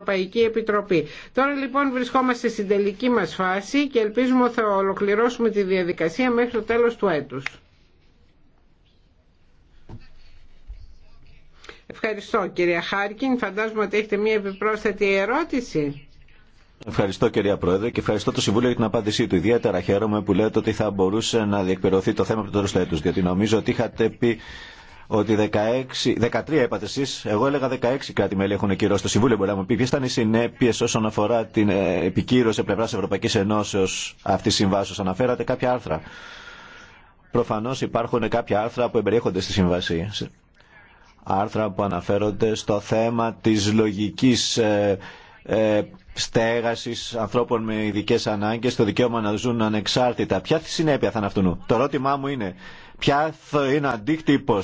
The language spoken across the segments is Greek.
Ευρωπαϊκή Επιτροπή. Τώρα λοιπόν βρισκόμαστε στην τελική μας φάση και ελπίζουμε ότι θα ολοκληρώσουμε τη διαδικασία μέχρι το τέλος του έτους. Ευχαριστώ κυρία Χάρκιν. Φαντάζομαι ότι έχετε μία επιπρόσθετη ερώτηση. Ευχαριστώ κυρία Πρόεδρε και ευχαριστώ το Συμβούλιο για την απάντησή του. Ιδιαίτερα χαίρομαι που λέτε ότι θα μπορούσε να διεκπαιρωθεί το θέμα από το τέλο του έτου, διότι νομίζω ότι είχατε πει ότι 16, 13 είπατε εσεί. εγώ έλεγα 16 κάτι μέλη έχουν κυρώσει το Συμβούλιο. Μπορεί να μου πει ποιες ήταν οι συνέπειες όσον αφορά την ε, επικύρωση πλευράς Ευρωπαϊκής Ενώσεως αυτής της συμβάσεως. Αναφέρατε κάποια άρθρα. Προφανώς υπάρχουν κάποια άρθρα που εμπεριέχονται στη συμβασή. Άρθρα που αναφέρονται στο θέμα της λογικής ε, ε στέγασης ανθρώπων με ειδικέ ανάγκε το δικαίωμα να ζουν ανεξάρτητα. Ποια συνέπεια θα είναι αυτού. Το ερώτημά μου είναι, ποια θα είναι αντίκτυπο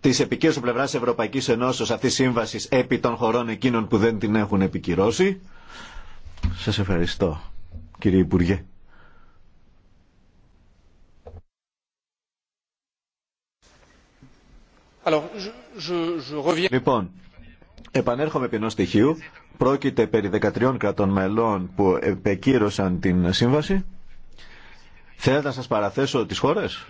τη του πλευρά Ευρωπαϊκή Ενώσεω αυτή τη σύμβαση επί των χωρών εκείνων που δεν την έχουν επικυρώσει. Σα ευχαριστώ, κύριε Υπουργέ. Λοιπόν, επανέρχομαι επί ενό στοιχείου. Πρόκειται περί 13 κρατών μελών που επεκύρωσαν την σύμβαση. Θέλετε να σας παραθέσω τις χώρες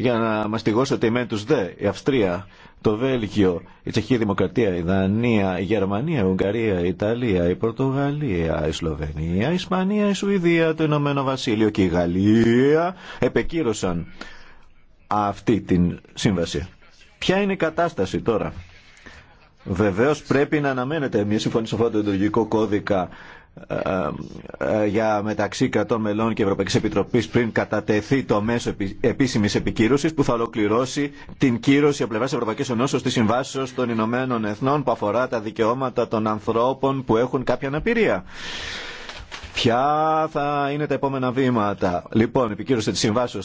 για να μαστιγώσει ότι τους δε, η Αυστρία, το Βέλγιο, η Τσεχική Δημοκρατία, η Δανία, η Γερμανία, η Ουγγαρία, η Ιταλία, η Πορτογαλία, η Σλοβενία, η Ισπανία, η Σουηδία, το Ηνωμένο Βασίλειο και η Γαλλία επεκύρωσαν αυτή την σύμβαση. Ποια είναι η κατάσταση τώρα. Βεβαίως πρέπει να αναμένεται μια συμφωνία σε αυτό κώδικα ε, ε, ε, για μεταξύ κρατών μελών και Ευρωπαϊκής Επιτροπής πριν κατατεθεί το μέσο επίσημης επικύρωσης που θα ολοκληρώσει την κύρωση από πλευράς Ευρωπαϊκής Ενώσεως της Συμβάσεως των Ηνωμένων Εθνών που αφορά τα δικαιώματα των ανθρώπων που έχουν κάποια αναπηρία. Ποια θα είναι τα επόμενα βήματα. Λοιπόν, η επικύρωση τη συμβάσεω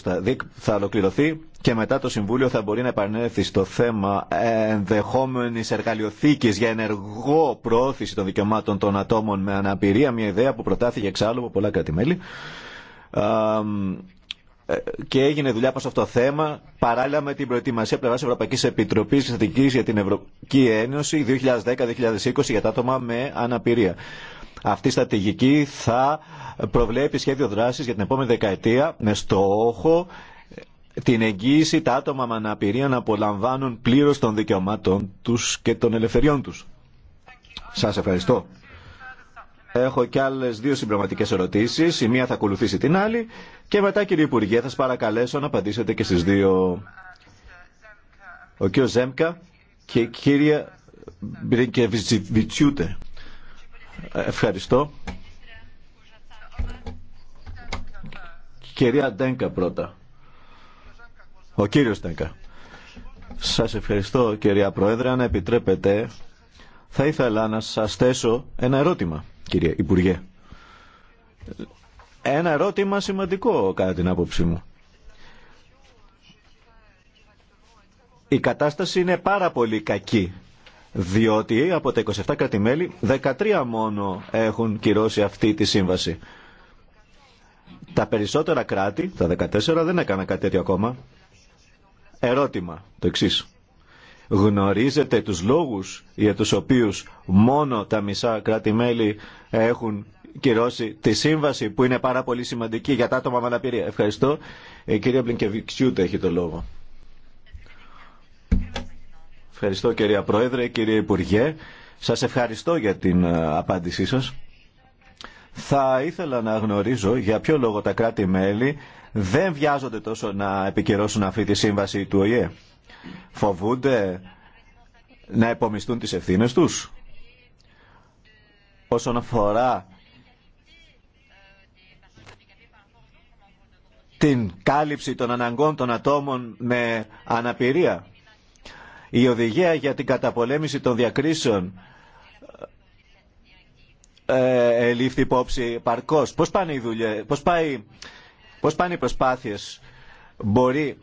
θα ολοκληρωθεί και μετά το Συμβούλιο θα μπορεί να επανέλθει στο θέμα ενδεχόμενη εργαλειοθήκη για ενεργό προώθηση των δικαιωμάτων των ατόμων με αναπηρία. Μια ιδέα που προτάθηκε εξάλλου από πολλά κράτη-μέλη. Ε, και έγινε δουλειά προ αυτό το θέμα παράλληλα με την προετοιμασία πλευρά Ευρωπαϊκή Επιτροπή Στατική για την Ευρωπαϊκή Ένωση 2010-2020 για τα άτομα με αναπηρία. Αυτή η στρατηγική θα προβλέπει σχέδιο δράσης για την επόμενη δεκαετία με στόχο την εγγύηση τα άτομα με αναπηρία να απολαμβάνουν πλήρως των δικαιωμάτων τους και των ελευθεριών τους. Σας ευχαριστώ. Έχω και άλλε δύο συμπληρωματικέ ερωτήσει. Η μία θα ακολουθήσει την άλλη. Και μετά, κύριε Υπουργέ, θα σα παρακαλέσω να απαντήσετε και στι δύο. Ο κύριο Ζέμκα και η κυρία Μπρίνκεβιτσιούτε. Ευχαριστώ. Κυρία Ντέγκα πρώτα. Ο κύριος Ντέγκα. Σας ευχαριστώ κυρία Πρόεδρε. Αν επιτρέπετε θα ήθελα να σας θέσω ένα ερώτημα κυρία Υπουργέ. Ένα ερώτημα σημαντικό κατά την άποψή μου. Η κατάσταση είναι πάρα πολύ κακή διότι από τα 27 κρατημέλη μελη 13 μόνο έχουν κυρώσει αυτή τη σύμβαση. Τα περισσότερα κράτη, τα 14, δεν έκαναν κάτι τέτοιο ακόμα. Ερώτημα το εξή. Γνωρίζετε τους λόγους για τους οποίους μόνο τα μισά κράτη-μέλη έχουν κυρώσει τη σύμβαση που είναι πάρα πολύ σημαντική για τα άτομα με αναπηρία. Ευχαριστώ. Η ε, κυρία Μπλινκεβιξιούτε έχει το λόγο. Ευχαριστώ κυρία Πρόεδρε, κύριε Υπουργέ. Σας ευχαριστώ για την ε, απάντησή σας. Θα ήθελα να γνωρίζω για ποιο λόγο τα κράτη-μέλη δεν βιάζονται τόσο να επικυρώσουν αυτή τη σύμβαση του ΟΗΕ. Φοβούνται να επομιστούν τις ευθύνες τους. Όσον αφορά την κάλυψη των αναγκών των ατόμων με αναπηρία. Η οδηγία για την καταπολέμηση των διακρίσεων ε, λήφθη υπόψη παρκώς. Πώς πάνε οι δουλειές, πώς, πάει, πώς πάνε οι προσπάθειες. Μπορεί,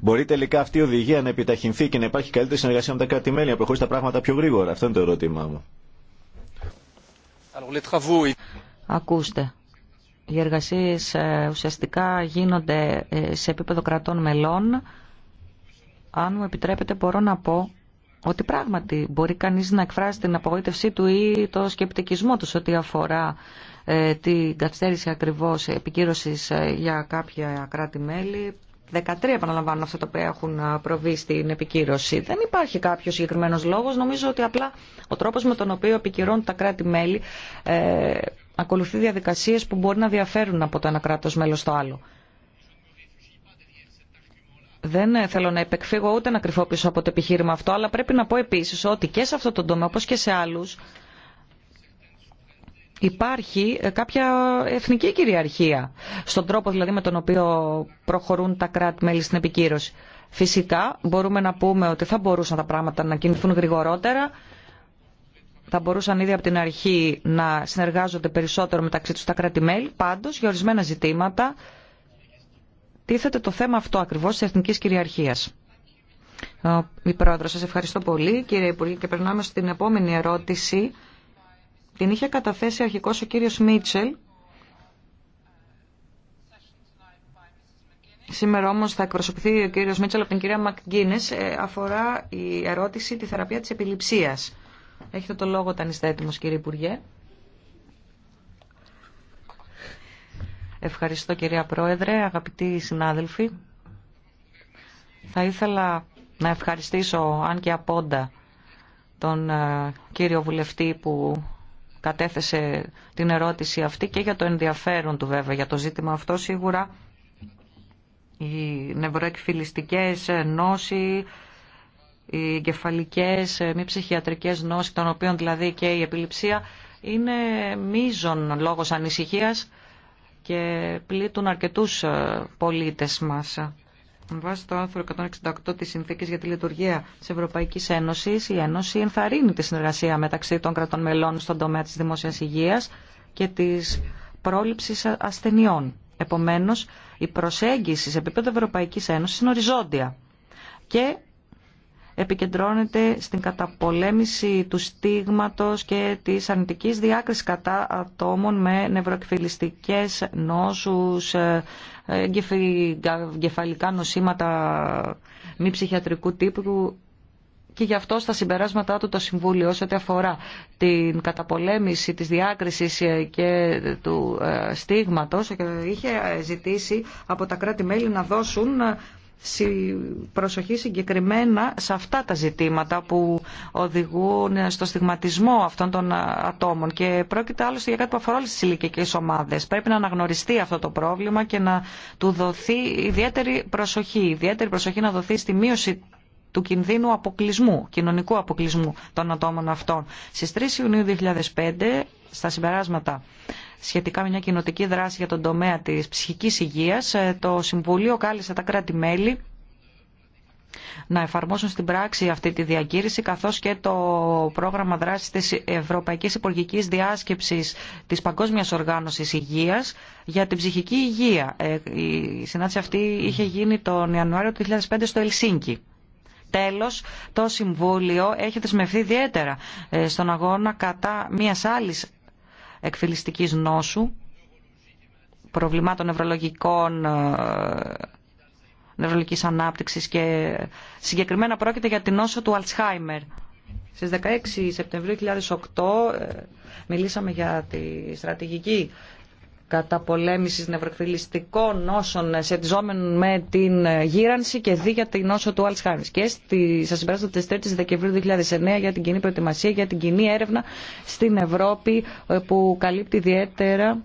μπορεί τελικά αυτή η οδηγία να επιταχυνθεί και να υπάρχει καλύτερη συνεργασία με τα κρατη να προχωρήσει τα πράγματα πιο γρήγορα. Αυτό είναι το ερώτημά μου. Ακούστε. Οι εργασίες ε, ουσιαστικά γίνονται ε, σε επίπεδο κρατών μελών αν μου επιτρέπετε μπορώ να πω ότι πράγματι μπορεί κανείς να εκφράσει την απογοήτευσή του ή το σκεπτικισμό του ό,τι αφορά ε, την καθυστέρηση ακριβώς επικύρωσης ε, για κάποια κράτη-μέλη. 13 επαναλαμβάνω αυτά τα οποία έχουν ε, προβεί στην επικύρωση. Δεν υπάρχει κάποιο συγκεκριμένο λόγο. Νομίζω ότι απλά ο τρόπο με τον οποίο επικυρώνουν τα κράτη-μέλη ε, ακολουθεί διαδικασίε που μπορεί να διαφέρουν από το ένα κράτο μέλο στο άλλο. Δεν θέλω να επεκφύγω ούτε να κρυφώ πίσω από το επιχείρημα αυτό, αλλά πρέπει να πω επίση ότι και σε αυτό το τομέα, όπω και σε άλλου υπάρχει κάποια εθνική κυριαρχία στον τρόπο δηλαδή με τον οποίο προχωρούν τα κράτη-μέλη στην επικύρωση. Φυσικά μπορούμε να πούμε ότι θα μπορούσαν τα πράγματα να κινηθούν γρηγορότερα, θα μπορούσαν ήδη από την αρχή να συνεργάζονται περισσότερο μεταξύ τους τα κράτη-μέλη, πάντως για ορισμένα ζητήματα τίθεται το θέμα αυτό ακριβώς της εθνικής κυριαρχίας. Η πρόεδρο, σας ευχαριστώ πολύ κύριε Υπουργέ και περνάμε στην επόμενη ερώτηση. Την είχε καταθέσει αρχικός ο κύριος Μίτσελ. Σήμερα όμως θα εκπροσωπηθεί ο κύριος Μίτσελ από την κυρία Μακγκίνες. Ε, αφορά η ερώτηση τη θεραπεία της επιληψίας. Έχετε το λόγο όταν είστε έτοιμος κύριε Υπουργέ. Ευχαριστώ κυρία Πρόεδρε, αγαπητοί συνάδελφοι. Θα ήθελα να ευχαριστήσω, αν και απόντα, τον ε, κύριο βουλευτή που κατέθεσε την ερώτηση αυτή και για το ενδιαφέρον του βέβαια για το ζήτημα αυτό σίγουρα οι νευροεκφυλιστικές νόσοι, οι εγκεφαλικές, ε, μη ψυχιατρικές νόσοι, των οποίων δηλαδή και η επιληψία, είναι μείζον λόγος ανησυχίας και πλήττουν αρκετούς ε, πολίτες μας. Με βάση το άρθρο 168 της Συνθήκης για τη Λειτουργία της Ευρωπαϊκής Ένωσης, η Ένωση ενθαρρύνει τη συνεργασία μεταξύ των κρατών μελών στον τομέα της δημόσιας υγείας και της πρόληψης ασθενειών. Επομένως, η προσέγγιση σε επίπεδο Ευρωπαϊκής Ένωσης είναι οριζόντια και επικεντρώνεται στην καταπολέμηση του στίγματος και της αρνητικής διάκρισης κατά ατόμων με νευροεκφυλιστικές νόσους, ε, εγκεφαλικά νοσήματα μη ψυχιατρικού τύπου και γι' αυτό στα συμπεράσματά του το Συμβούλιο σε αφορά την καταπολέμηση της διάκρισης ε, και του ε, στίγματος είχε ζητήσει από τα κράτη-μέλη να δώσουν προσοχή συγκεκριμένα σε αυτά τα ζητήματα που οδηγούν στο στιγματισμό αυτών των ατόμων και πρόκειται άλλωστε για κάτι που αφορά όλες τις ηλικιακές ομάδες. Πρέπει να αναγνωριστεί αυτό το πρόβλημα και να του δοθεί ιδιαίτερη προσοχή. Ιδιαίτερη προσοχή να δοθεί στη μείωση του κινδύνου αποκλεισμού, κοινωνικού αποκλεισμού των ατόμων αυτών. Στις 3 Ιουνίου 2005, στα συμπεράσματα σχετικά με μια κοινοτική δράση για τον τομέα της ψυχικής υγείας, ε, το Συμβουλίο κάλεσε τα κράτη-μέλη να εφαρμόσουν στην πράξη αυτή τη διακήρυξη καθώς και το πρόγραμμα δράσης της Ευρωπαϊκής Υπουργικής Διάσκεψης της Παγκόσμιας Οργάνωσης Υγείας για την ψυχική υγεία. Ε, η συνάντηση αυτή είχε γίνει τον Ιανουάριο του 2005 στο Ελσίνκι. Τέλος, το Συμβούλιο έχει δεσμευθεί ιδιαίτερα ε, στον αγώνα κατά μιας άλλης εκφυλιστικής νόσου, προβλημάτων νευρολογικών, ε, νευρολογικής ανάπτυξης και συγκεκριμένα πρόκειται για την νόσο του Αλτσχάιμερ. Στις 16 Σεπτεμβρίου 2008 ε, μιλήσαμε για τη στρατηγική καταπολέμησης νευροεκφυλιστικών νόσων σχετιζόμενων με την γύρανση και δι για την νόσο του Αλτσχάιμερ. Και στη, στα συμπεράσματα τη 3η Δεκεμβρίου 2009 για την κοινή προετοιμασία, για την κοινή έρευνα στην Ευρώπη ε, που καλύπτει ιδιαίτερα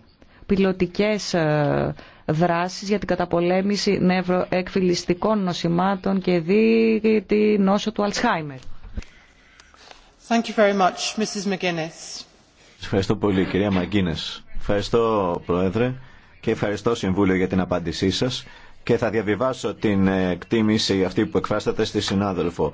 πιλωτικές ε, δράσεις για την καταπολέμηση νευροεκφυλιστικών νοσημάτων και δι την νόσο του Αλσχάιμερ. Thank you very much, Mrs. Ευχαριστώ πολύ, κυρία Μαγκίνες. Ευχαριστώ, Πρόεδρε, και ευχαριστώ, Συμβούλιο, για την απάντησή σας και θα διαβιβάσω την εκτίμηση αυτή που εκφράσατε στη συνάδελφο.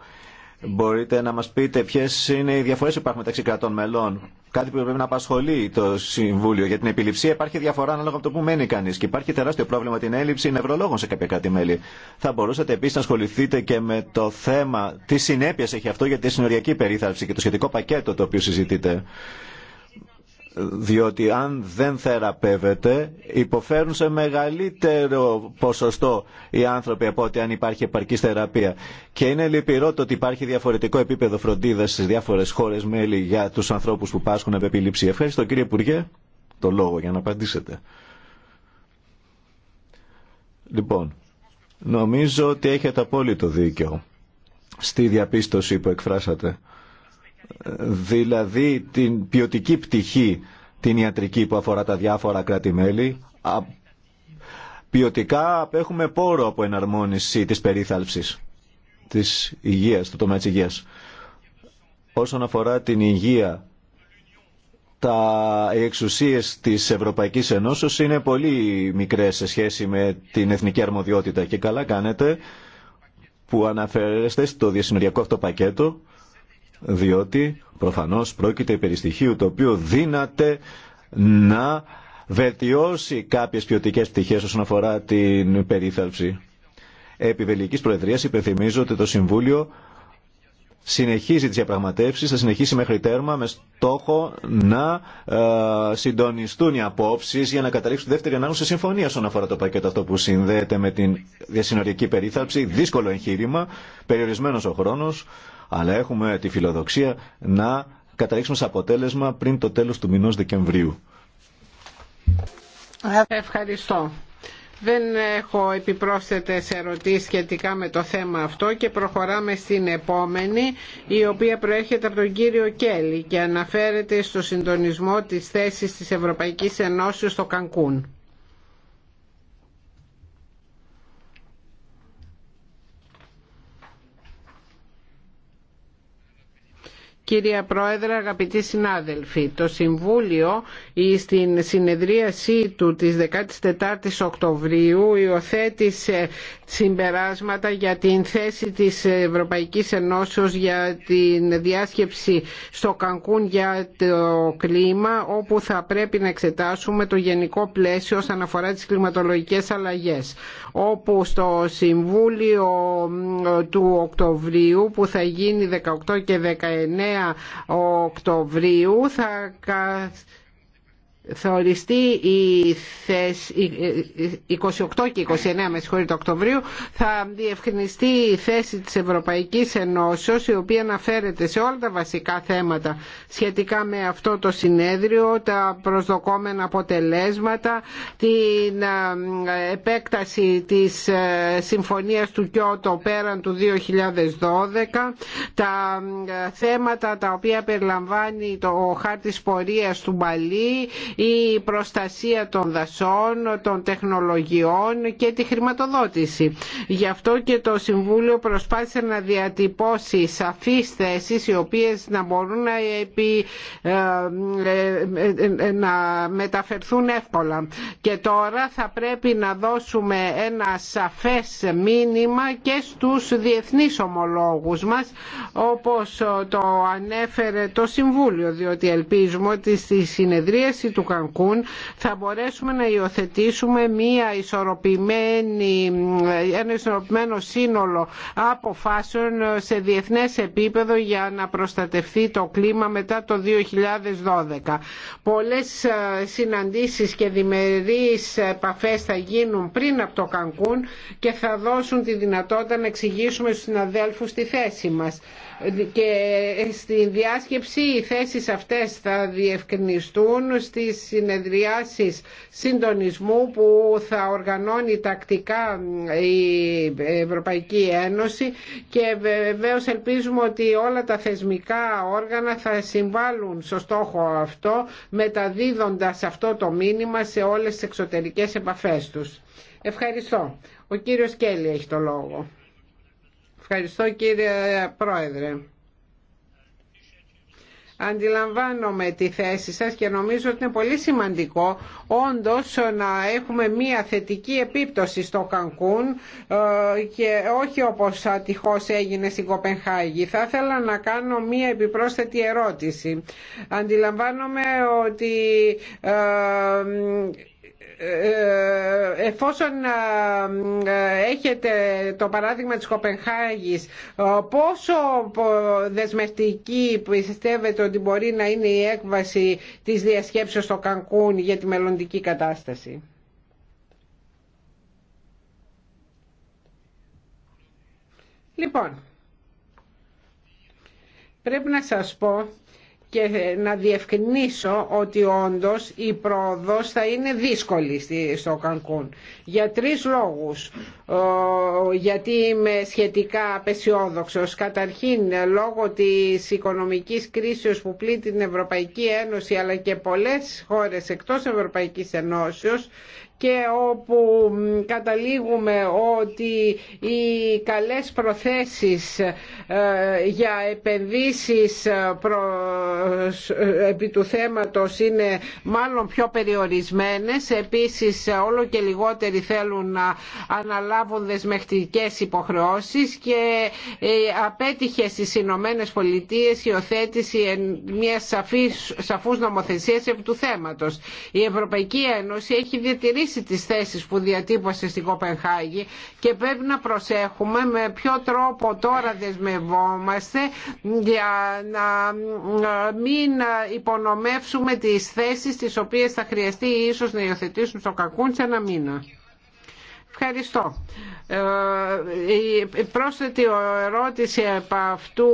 Μπορείτε να μας πείτε ποιες είναι οι διαφορές που υπάρχουν μεταξύ κρατών μελών. Κάτι που πρέπει να απασχολεί το Συμβούλιο. Για την επιληψία υπάρχει διαφορά ανάλογα από το που μένει κανεί. Και υπάρχει τεράστιο πρόβλημα την έλλειψη νευρολόγων σε κάποια κράτη-μέλη. Θα μπορούσατε επίση να ασχοληθείτε και με το θέμα τι συνέπειε έχει αυτό για τη συνοριακή περίθαλψη και το σχετικό πακέτο το οποίο συζητείτε διότι αν δεν θεραπεύεται υποφέρουν σε μεγαλύτερο ποσοστό οι άνθρωποι από ότι αν υπάρχει επαρκής θεραπεία. Και είναι λυπηρό το ότι υπάρχει διαφορετικό επίπεδο φροντίδας στις διάφορες χώρες μέλη για τους ανθρώπους που πάσχουν από επιλήψη. Ευχαριστώ κύριε Υπουργέ το λόγο για να απαντήσετε. Λοιπόν, νομίζω ότι έχετε απόλυτο δίκιο στη διαπίστωση που εκφράσατε δηλαδή την ποιοτική πτυχή την ιατρική που αφορά τα διάφορα κράτη-μέλη. Ποιοτικά έχουμε πόρο από εναρμόνιση της περίθαλψης, της υγείας, του τομέα της υγείας. Όσον αφορά την υγεία, τα εξουσίες της Ευρωπαϊκής Ενώσεως είναι πολύ μικρές σε σχέση με την εθνική αρμοδιότητα και καλά κάνετε που αναφέρεστε στο διασυνοριακό αυτό πακέτο διότι προφανώς πρόκειται περί στοιχείου το οποίο δύναται να βελτιώσει κάποιες ποιοτικέ πτυχές όσον αφορά την περίθαλψη. Επί Βελικής Προεδρίας υπενθυμίζω ότι το Συμβούλιο συνεχίζει τις διαπραγματεύσεις, θα συνεχίσει μέχρι τέρμα με στόχο να ε, συντονιστούν οι απόψεις για να καταλήξουν δεύτερη ανάγνωση συμφωνία όσον αφορά το πακέτο αυτό που συνδέεται με την διασυνοριακή περίθαλψη. Δύσκολο εγχείρημα, περιορισμένος ο χρόνος αλλά έχουμε τη φιλοδοξία να καταλήξουμε σε αποτέλεσμα πριν το τέλος του μηνός Δεκεμβρίου. Ευχαριστώ. Δεν έχω επιπρόσθετες ερωτήσεις σχετικά με το θέμα αυτό και προχωράμε στην επόμενη η οποία προέρχεται από τον κύριο Κέλλη και αναφέρεται στο συντονισμό της θέσης της Ευρωπαϊκής Ενώσης στο Κανκούν. Κυρία Πρόεδρε, αγαπητοί συνάδελφοι, το Συμβούλιο στην συνεδρίασή του της 14ης Οκτωβρίου υιοθέτησε συμπεράσματα για την θέση της Ευρωπαϊκής Ενώσεως για την διάσκεψη στο Κανκούν για το κλίμα όπου θα πρέπει να εξετάσουμε το γενικό πλαίσιο όσον αφορά τις κλιματολογικές αλλαγές όπου στο Συμβούλιο ε, του Οκτωβρίου που θα γίνει 18 και 19 Οκτωβρίου θα θα οριστεί η θέση 28 και 29 με Οκτωβρίου θα διευκρινιστεί η θέση της Ευρωπαϊκής Ενώσεως η οποία αναφέρεται σε όλα τα βασικά θέματα σχετικά με αυτό το συνέδριο τα προσδοκόμενα αποτελέσματα την επέκταση της ε, συμφωνίας του Κιώτο πέραν του 2012 τα ε, θέματα τα οποία περιλαμβάνει το χάρτης πορείας του Μπαλί η προστασία των δασών, των τεχνολογιών και τη χρηματοδότηση. Γι' αυτό και το Συμβούλιο προσπάθησε να διατυπώσει σαφείς θέσεις οι οποίες να μπορούν να, επι, ε, ε, ε, να μεταφερθούν εύκολα. Και τώρα θα πρέπει να δώσουμε ένα σαφές μήνυμα και στους διεθνείς ομολόγους μας όπως το ανέφερε το Συμβούλιο διότι ελπίζουμε ότι στη συνεδρίαση του θα μπορέσουμε να υιοθετήσουμε μία ισορροπημένη, ένα ισορροπημένο σύνολο αποφάσεων σε διεθνές επίπεδο για να προστατευτεί το κλίμα μετά το 2012. Πολλές ε, συναντήσεις και διμερείς επαφές θα γίνουν πριν από το Κανκούν και θα δώσουν τη δυνατότητα να εξηγήσουμε στους συναδέλφους τη θέση μας και στη διάσκεψη οι θέσεις αυτές θα διευκρινιστούν στις συνεδριάσεις συντονισμού που θα οργανώνει τακτικά η Ευρωπαϊκή Ένωση και βεβαίως ελπίζουμε ότι όλα τα θεσμικά όργανα θα συμβάλλουν στο στόχο αυτό μεταδίδοντας αυτό το μήνυμα σε όλες τις εξωτερικές επαφές τους. Ευχαριστώ. Ο κύριος Κέλλη έχει το λόγο. Ευχαριστώ κύριε Πρόεδρε. Αντιλαμβάνομαι τη θέση σας και νομίζω ότι είναι πολύ σημαντικό όντως να έχουμε μία θετική επίπτωση στο Κανκούν ε, και όχι όπως ατυχώς έγινε στην Κοπενχάγη. Θα ήθελα να κάνω μία επιπρόσθετη ερώτηση. Αντιλαμβάνομαι ότι ε, ε, ε, εφόσον ε, έχετε το παράδειγμα της Κοπενχάγης πόσο δεσμευτική πιστεύετε ότι μπορεί να είναι η έκβαση της διασκέψεως στο Κανκούν για τη μελλοντική κατάσταση. Λοιπόν, πρέπει να σας πω και να διευκρινίσω ότι όντως η πρόοδος θα είναι δύσκολη στο Κανκούν για τρεις λόγους γιατί είμαι σχετικά απεσιόδοξος καταρχήν λόγω της οικονομικής κρίσης που πλήττει την Ευρωπαϊκή Ένωση αλλά και πολλές χώρες εκτός Ευρωπαϊκής Ενώσεως και όπου καταλήγουμε ότι οι καλές προθέσεις ε, για επενδύσεις ε, ε, επί του θέματος είναι μάλλον πιο περιορισμένες. Επίσης όλο και λιγότεροι θέλουν να αναλάβουν δεσμευτικές υποχρεώσεις και απέτυχε στις Ηνωμένε Πολιτείε η οθέτηση μια σαφής, σαφούς νομοθεσίας επί του θέματος. Η Ευρωπαϊκή Ένωση έχει διατηρήσει στις τις θέσεις που διατύπωσε στην Κοπενχάγη και πρέπει να προσέχουμε με ποιο τρόπο τώρα δεσμευόμαστε για να μην υπονομεύσουμε τις θέσεις τις οποίες θα χρειαστεί ίσως να υιοθετήσουν στο Κακούν σε ένα μήνα. Ευχαριστώ. Ε, η πρόσθετη ερώτηση από αυτού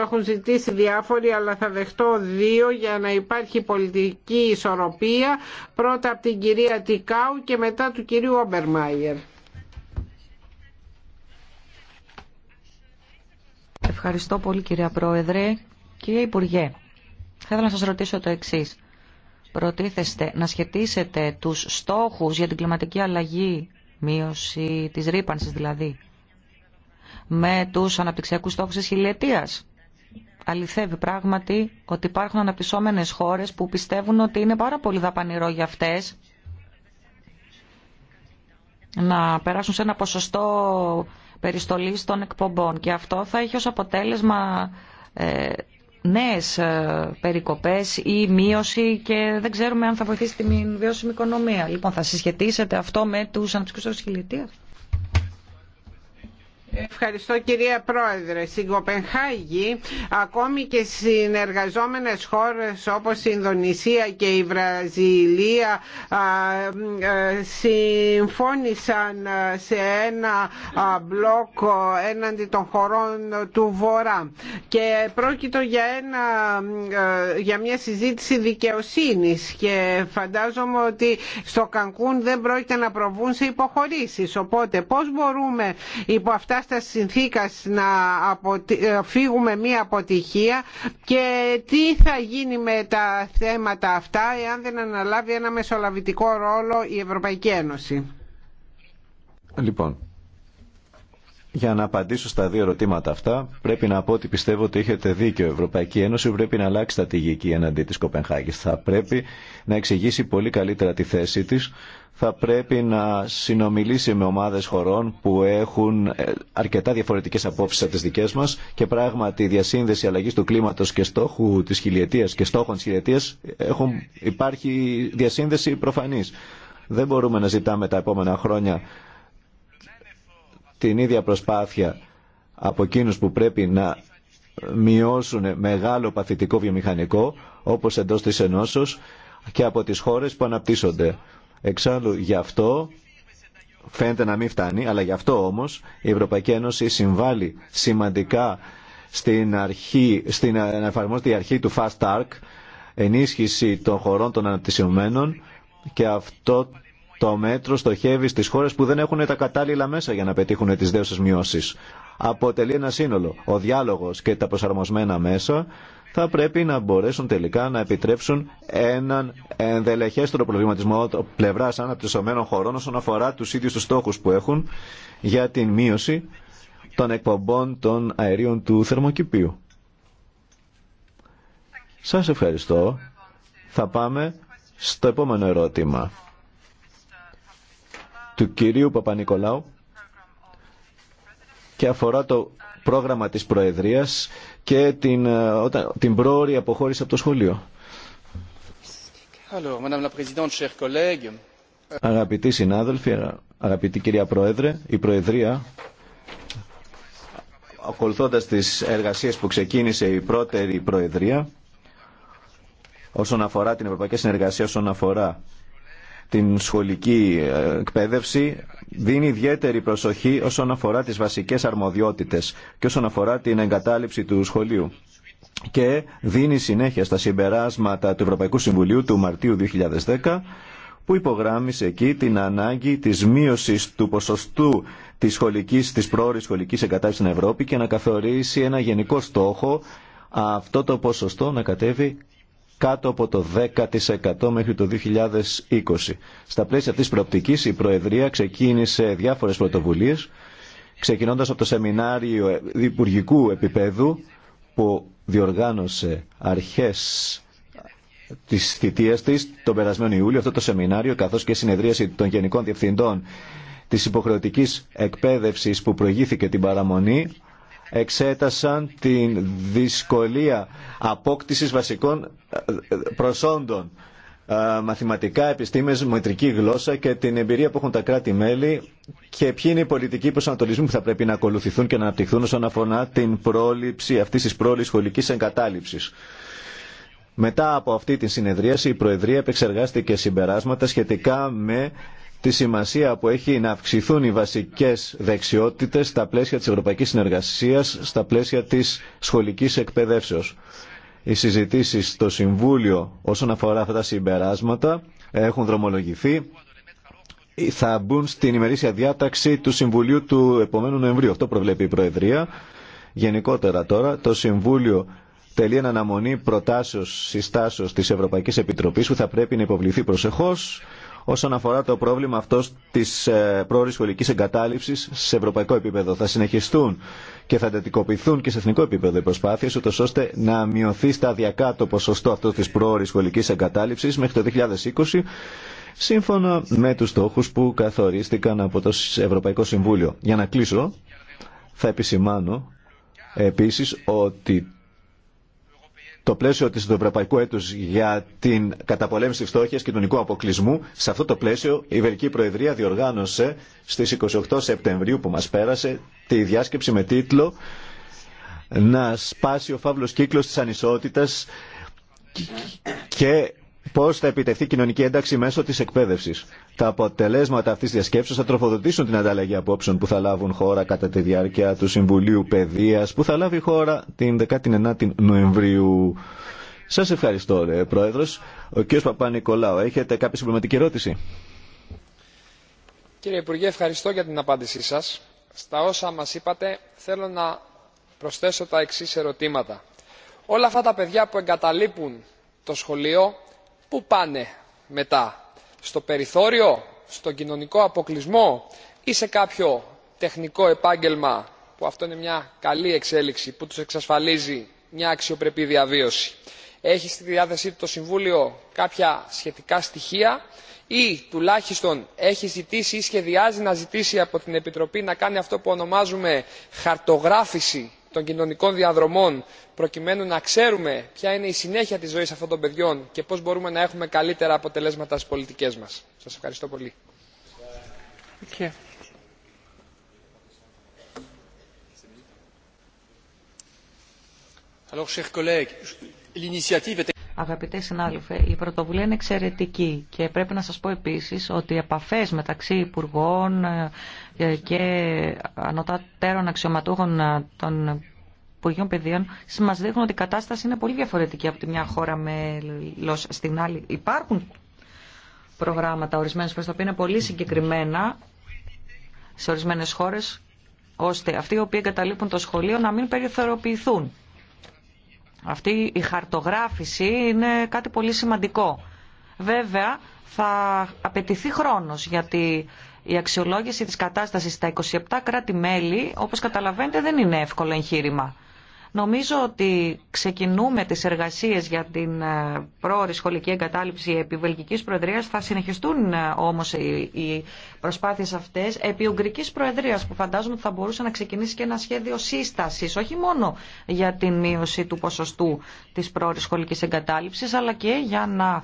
έχουν ζητήσει διάφοροι αλλά θα δεχτώ δύο για να υπάρχει πολιτική ισορροπία πρώτα από την κυρία Τικάου και μετά του κυρίου Όμπερμάιερ. Ευχαριστώ πολύ κυρία Πρόεδρε. Κυρία Υπουργέ, θα ήθελα να σας ρωτήσω το εξής. Προτίθεστε να σχετίσετε τους στόχους για την κλιματική αλλαγή μείωση της ρήπανσης δηλαδή, με τους αναπτυξιακούς στόχους της χιλιετίας. Αληθεύει πράγματι ότι υπάρχουν αναπτυσσόμενες χώρες που πιστεύουν ότι είναι πάρα πολύ δαπανηρό για αυτές να περάσουν σε ένα ποσοστό περιστολής των εκπομπών και αυτό θα έχει ως αποτέλεσμα ε, νέες ε, περικοπές ή μείωση και δεν ξέρουμε αν θα βοηθήσει την βιώσιμη οικονομία. Λοιπόν, θα συσχετίσετε αυτό με τους αναψυκτικούς χιλιετίας. Ευχαριστώ κυρία Πρόεδρε. Στην Κοπενχάγη ακόμη και συνεργαζόμενες χώρες όπως η Ινδονησία και η Βραζιλία ε, συμφώνησαν σε ένα μπλοκ έναντι των χωρών του Βορρά και πρόκειτο για, ένα, ε, για μια συζήτηση δικαιοσύνης και φαντάζομαι ότι στο Κανκούν δεν πρόκειται να προβούν σε υποχωρήσεις οπότε πώς μπορούμε υπό αυτά κατάσταση συνθήκας να ε, φύγουμε μία αποτυχία και τι θα γίνει με τα θέματα αυτά εάν δεν αναλάβει ένα μεσολαβητικό ρόλο η Ευρωπαϊκή Ένωση. Λοιπόν, για να απαντήσω στα δύο ερωτήματα αυτά, πρέπει να πω ότι πιστεύω ότι έχετε δίκιο. Η Ευρωπαϊκή Ένωση πρέπει να αλλάξει στρατηγική εναντί τη Κοπενχάγη. Θα πρέπει να εξηγήσει πολύ καλύτερα τη θέση τη θα πρέπει να συνομιλήσει με ομάδες χωρών που έχουν ε, αρκετά διαφορετικές απόψεις από τις δικές μας και πράγματι η διασύνδεση αλλαγής του κλίματος και στόχου της χιλιετίας και στόχων της χιλιετίας έχουν, υπάρχει διασύνδεση προφανής. Δεν μπορούμε να ζητάμε τα επόμενα χρόνια την ίδια προσπάθεια από εκείνους που πρέπει να μειώσουν μεγάλο παθητικό βιομηχανικό όπως εντός της ενώσεως και από τις χώρες που αναπτύσσονται. Εξάλλου γι' αυτό φαίνεται να μην φτάνει, αλλά γι' αυτό όμως η Ευρωπαϊκή Ένωση συμβάλλει σημαντικά στην αρχή, στην, αρχή του Fast Arc, ενίσχυση των χωρών των αναπτυσσομένων και αυτό το μέτρο στοχεύει στις χώρες που δεν έχουν τα κατάλληλα μέσα για να πετύχουν τις δέωσες μειώσεις. Αποτελεί ένα σύνολο. Ο διάλογος και τα προσαρμοσμένα μέσα θα πρέπει να μπορέσουν τελικά να επιτρέψουν έναν ενδελεχέστερο προβληματισμό από πλευρά αναπτυσσομένων χωρών όσον αφορά του ίδιου του στόχου που έχουν για την μείωση των εκπομπών των αερίων του θερμοκηπίου. Σας ευχαριστώ. Θα πάμε στο επόμενο ερώτημα του κυρίου Παπα-Νικολάου και αφορά το πρόγραμμα της Προεδρίας και την, ε, όταν, την πρόορη αποχώρηση από το σχολείο. Αγαπητοί συνάδελφοι, αγαπητή κυρία Πρόεδρε, η Προεδρία ακολουθώντας τις εργασίες που ξεκίνησε η πρώτερη Προεδρία όσον αφορά την Ευρωπαϊκή Συνεργασία, όσον αφορά την σχολική ε, εκπαίδευση, δίνει ιδιαίτερη προσοχή όσον αφορά τις βασικές αρμοδιότητες και όσον αφορά την εγκατάλειψη του σχολείου και δίνει συνέχεια στα συμπεράσματα του Ευρωπαϊκού Συμβουλίου του Μαρτίου 2010 που υπογράμμισε εκεί την ανάγκη της μείωσης του ποσοστού της, σχολικής, της πρόορης σχολικής εγκατάλειψης στην Ευρώπη και να καθορίσει ένα γενικό στόχο αυτό το ποσοστό να κατέβει κάτω από το 10% μέχρι το 2020. Στα πλαίσια αυτής της προοπτικής η Προεδρία ξεκίνησε διάφορες πρωτοβουλίες, ξεκινώντας από το σεμινάριο υπουργικού επίπεδου που διοργάνωσε αρχές της θητείας της τον περασμένο Ιούλιο αυτό το σεμινάριο καθώς και συνεδρίαση των Γενικών Διευθυντών της υποχρεωτικής εκπαίδευσης που προηγήθηκε την παραμονή εξέτασαν την δυσκολία απόκτησης βασικών ε, προσόντων ε, μαθηματικά, επιστήμες, μετρική γλώσσα και την εμπειρία που έχουν τα κράτη-μέλη και ποιοι είναι οι πολιτικοί προσανατολισμοί που θα πρέπει να ακολουθηθούν και να αναπτυχθούν όσον αφορά την πρόληψη αυτής της πρόληψη σχολική εγκατάλειψης. Μετά από αυτή τη συνεδρίαση η Προεδρία επεξεργάστηκε συμπεράσματα σχετικά με τη σημασία που έχει να αυξηθούν οι βασικές δεξιότητες στα πλαίσια της ευρωπαϊκής συνεργασίας, στα πλαίσια της σχολικής εκπαιδεύσεως. Οι συζητήσεις στο Συμβούλιο όσον αφορά αυτά τα συμπεράσματα έχουν δρομολογηθεί θα μπουν στην ημερήσια διάταξη του Συμβουλίου του επομένου Νοεμβρίου. Αυτό προβλέπει η Προεδρία. Γενικότερα τώρα το Συμβούλιο τελεί ένα αναμονή προτάσεως συστάσεως της Ευρωπαϊκής Επιτροπής που θα πρέπει να υποβληθεί προσεχώς όσον αφορά το πρόβλημα αυτό τη ε, πρόορη σχολική εγκατάλειψη σε ευρωπαϊκό επίπεδο. Θα συνεχιστούν και θα εντατικοποιηθούν και σε εθνικό επίπεδο οι προσπάθειε, ούτω ώστε να μειωθεί σταδιακά το ποσοστό αυτό τη πρόορη σχολική εγκατάλειψη μέχρι το 2020 σύμφωνα με τους στόχους που καθορίστηκαν από το Ευρωπαϊκό Συμβούλιο. Για να κλείσω, θα επισημάνω επίσης ότι το πλαίσιο τη Ευρωπαϊκού έτους για την καταπολέμηση τη φτώχειας και του νοικού αποκλεισμού. Σε αυτό το πλαίσιο η Βελική Προεδρία διοργάνωσε στις 28 Σεπτεμβρίου που μας πέρασε τη διάσκεψη με τίτλο «Να σπάσει ο φαύλο κύκλο της ανισότητας και πώ θα επιτεθεί κοινωνική ένταξη μέσω τη εκπαίδευση. Τα αποτελέσματα αυτή τη διασκέψη θα τροφοδοτήσουν την ανταλλαγή απόψεων που θα λάβουν χώρα κατά τη διάρκεια του Συμβουλίου Παιδεία που θα λάβει χώρα την 19η Νοεμβρίου. Σα ευχαριστώ, ρε, Πρόεδρο. Ο κ. Παπα-Νικολάου, έχετε κάποια συμπληρωματική ερώτηση. Κύριε Υπουργέ, ευχαριστώ για την απάντησή σα. Στα όσα μα είπατε, θέλω να προσθέσω τα εξή ερωτήματα. Όλα αυτά τα παιδιά που εγκαταλείπουν το σχολείο πού πάνε μετά στο περιθώριο στον κοινωνικό αποκλεισμό ή σε κάποιο τεχνικό επάγγελμα που αυτό είναι μια καλή εξέλιξη που τους εξασφαλίζει μια αξιοπρεπή διαβίωση. έχει στη διάθεσή του το συμβούλιο κάποια σχετικά στοιχεία ή τουλάχιστον έχει ζητήσει ή σχεδιάζει να ζητήσει από την επιτροπή να κάνει αυτό που ονομάζουμε χαρτογράφηση των κοινωνικών διαδρομών προκειμένου να ξέρουμε ποια είναι η συνέχεια της ζωής αυτών των παιδιών και πώς μπορούμε να έχουμε καλύτερα αποτελέσματα στις πολιτικές μας. Σας ευχαριστώ πολύ. Αγαπητέ συνάδελφε, η πρωτοβουλία είναι εξαιρετική και πρέπει να σας πω επίσης ότι οι επαφές μεταξύ υπουργών ε, ε, και ανωτάτέρων αξιωματούχων ε, των Υπουργείων Παιδείων μας δείχνουν ότι η κατάσταση είναι πολύ διαφορετική από τη μια χώρα με στην άλλη. Υπάρχουν προγράμματα ορισμένες προς τα οποία είναι πολύ συγκεκριμένα σε ορισμένες χώρες ώστε αυτοί οι οποίοι εγκαταλείπουν το σχολείο να μην περιθωριοποιηθούν αυτή η χαρτογράφηση είναι κάτι πολύ σημαντικό. Βέβαια, θα απαιτηθεί χρόνος, γιατί η αξιολόγηση της κατάστασης στα 27 κράτη-μέλη, όπως καταλαβαίνετε, δεν είναι εύκολο εγχείρημα. Νομίζω ότι ξεκινούμε τις εργασίες για την ε, πρόορη σχολική εγκατάλειψη επί Βελγικής Προεδρίας. Θα συνεχιστούν ε, όμως οι προσπάθειες αυτές επί Ουγγρικής Προεδρίας που φαντάζομαι ότι θα μπορούσε να ξεκινήσει και ένα σχέδιο σύστασης όχι μόνο για την μείωση του ποσοστού της πρόορη σχολικής εγκατάλειψης αλλά και για να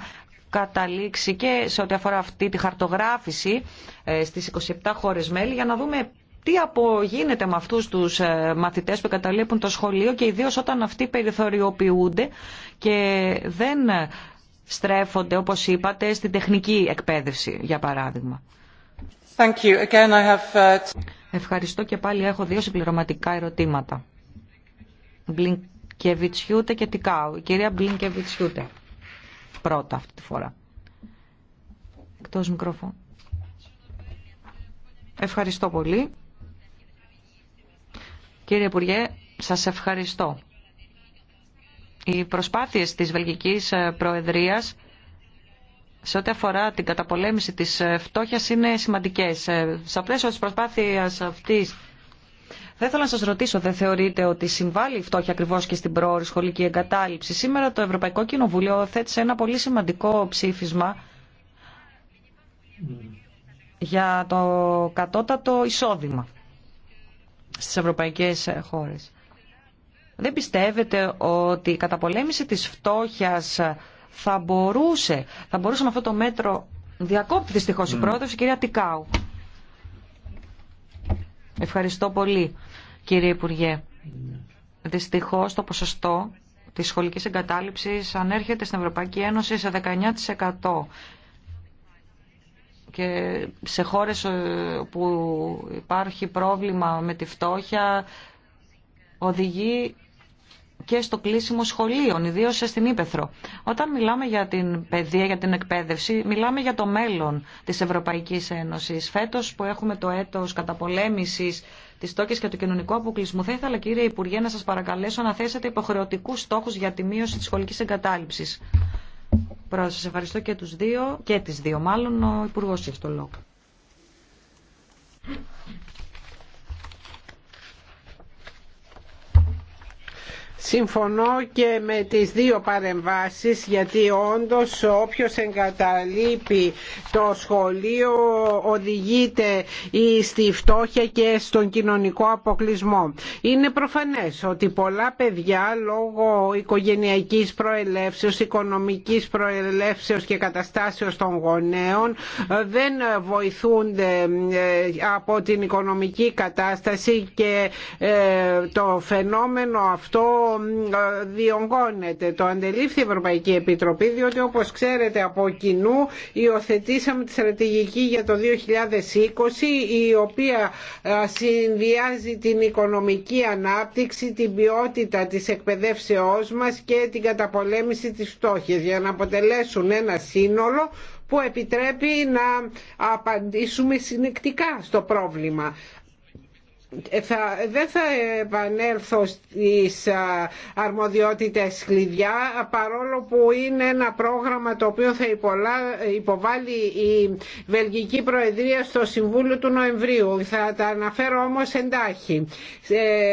καταλήξει και σε ό,τι αφορά αυτή τη χαρτογράφηση ε, στις 27 χώρες μέλη για να δούμε τι απογίνεται με αυτούς τους ε, μαθητές που εγκαταλείπουν το σχολείο και ιδίως όταν αυτοί περιθωριοποιούνται και δεν στρέφονται, όπως είπατε, στην τεχνική εκπαίδευση, για παράδειγμα. Thank you. Again, I have... Uh, Ευχαριστώ και πάλι έχω δύο συμπληρωματικά ερωτήματα. Μπλινκεβιτσιούτε και Τικάου. Η κυρία Μπλινκεβιτσιούτε. Πρώτα αυτή τη φορά. Εκτός μικρόφωνο. Ευχαριστώ πολύ. Κύριε Υπουργέ, σας ευχαριστώ. Οι προσπάθειες της Βελγικής ε, Προεδρίας σε ό,τι αφορά την καταπολέμηση της ε, φτώχειας είναι σημαντικές. Σε πλαίσιο της προσπάθειας αυτής δεν θέλω να σα ρωτήσω, δεν θεωρείτε ότι συμβάλλει η φτώχεια ακριβώς και στην προορισχολική σχολική εγκατάλειψη. Σήμερα το Ευρωπαϊκό Κοινοβούλιο θέτησε ένα πολύ σημαντικό ψήφισμα mm. για το κατώτατο εισόδημα στις ευρωπαϊκές χώρες. Δεν πιστεύετε ότι η καταπολέμηση της φτώχειας θα μπορούσε, θα μπορούσε με αυτό το μέτρο διακόπτει δυστυχώ η πρόεδρος, η κυρία Τικάου. Ευχαριστώ πολύ, κύριε Υπουργέ. Δυστυχώ το ποσοστό της σχολικής εγκατάλειψης ανέρχεται στην Ευρωπαϊκή Ένωση σε 19% και σε χώρες ε, που υπάρχει πρόβλημα με τη φτώχεια οδηγεί και στο κλείσιμο σχολείων, ιδίως στην Ήπεθρο. Όταν μιλάμε για την παιδεία, για την εκπαίδευση, μιλάμε για το μέλλον της Ευρωπαϊκής Ένωσης. Φέτος που έχουμε το έτος καταπολέμησης τη τόκης και του κοινωνικού αποκλεισμού. Θα ήθελα, κύριε Υπουργέ, να σα παρακαλέσω να θέσετε υποχρεωτικού στόχου για τη μείωση τη σχολική εγκατάλειψη. Πρώτα σας ευχαριστώ και τους δύο, και τις δύο μάλλον, ο Υπουργός έχει το λόγο. Συμφωνώ και με τις δύο παρεμβάσεις γιατί όντως όποιος εγκαταλείπει το σχολείο οδηγείται στη φτώχεια και στον κοινωνικό αποκλεισμό. Είναι προφανές ότι πολλά παιδιά λόγω οικογενειακής προελεύσεως, οικονομικής προελεύσεως και καταστάσεως των γονέων δεν βοηθούνται ε, από την οικονομική κατάσταση και ε, το φαινόμενο αυτό διονγκώνεται. Το αντελήφθη η Ευρωπαϊκή Επιτροπή διότι όπως ξέρετε από κοινού υιοθετήσαμε τη στρατηγική για το 2020 η οποία ε, συνδυάζει την οικονομική ανάπτυξη, την ποιότητα της εκπαιδεύσεώς μας και την καταπολέμηση της φτώχειας για να αποτελέσουν ένα σύνολο που επιτρέπει να απαντήσουμε συνεκτικά στο πρόβλημα δεν θα επανέλθω στις αρμοδιότητες κλειδιά παρόλο που είναι ένα πρόγραμμα το οποίο θα υποβάλει η Βελγική Προεδρία στο Συμβούλιο του Νοεμβρίου. Θα τα αναφέρω όμως εντάχει.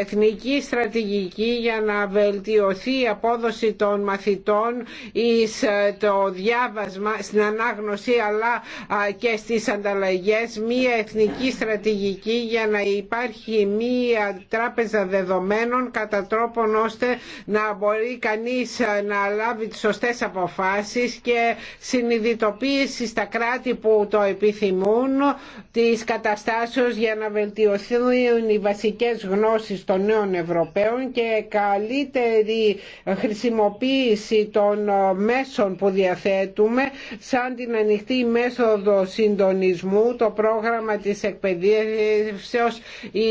Εθνική στρατηγική για να βελτιωθεί η απόδοση των μαθητών εις το διάβασμα στην ανάγνωση αλλά και στις ανταλλαγές. Μία εθνική στρατηγική για να υπάρχει υπάρχει μία τράπεζα δεδομένων κατά τρόπον ώστε να μπορεί κανείς ε, να λάβει τις σωστές αποφάσεις και συνειδητοποίηση στα κράτη που το επιθυμούν της καταστάσεις για να βελτιωθούν οι βασικές γνώσεις των νέων Ευρωπαίων και καλύτερη χρησιμοποίηση των ε, μέσων που διαθέτουμε σαν την ανοιχτή μέθοδο συντονισμού, το πρόγραμμα της εκπαιδεύσεως,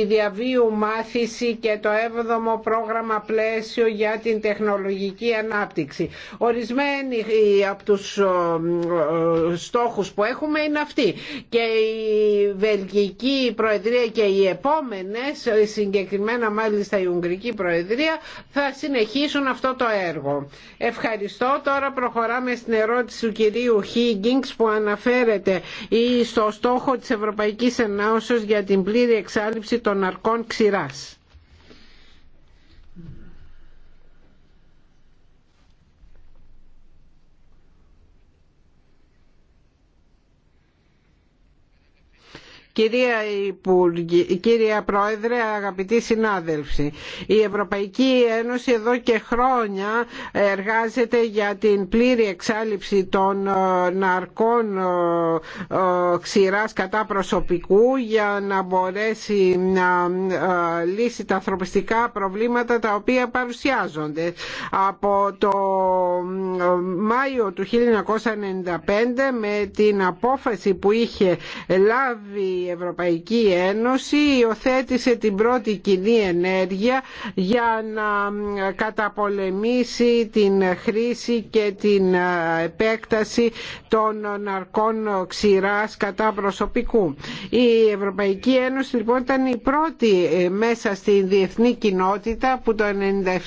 διαβίου μάθηση και το 7ο πρόγραμμα πλαίσιο για την τεχνολογική ανάπτυξη. Ορισμένοι ε, από τους ε, ε, στόχους που έχουμε είναι αυτοί και η Βελγική Προεδρία και οι επόμενες, συγκεκριμένα μάλιστα η Ουγγρική Προεδρία, θα συνεχίσουν αυτό το έργο. Ευχαριστώ. Τώρα προχωράμε στην ερώτηση του κυρίου Χίγκινγκ που αναφέρεται στο στόχο της Ευρωπαϊκής Ενάωσης για την πλήρη εξάλληψη των αρκών ξηράς. Κυρία Υπουργή, κυρία Πρόεδρε, αγαπητοί συνάδελφοι, η Ευρωπαϊκή Ένωση εδώ και χρόνια εργάζεται για την πλήρη εξάλληψη των ε, ναρκών ε, ε, ξηράς κατά προσωπικού για να μπορέσει να λύσει τα ανθρωπιστικά προβλήματα τα οποία παρουσιάζονται. Από το Μάιο του 1995 με την απόφαση που είχε λάβει η Ευρωπαϊκή Ένωση υιοθέτησε την πρώτη κοινή ενέργεια για να καταπολεμήσει την χρήση και την ε, επέκταση των ναρκών ξηράς κατά προσωπικού. Η Ευρωπαϊκή Ένωση λοιπόν ήταν η πρώτη ε, μέσα στην διεθνή κοινότητα που το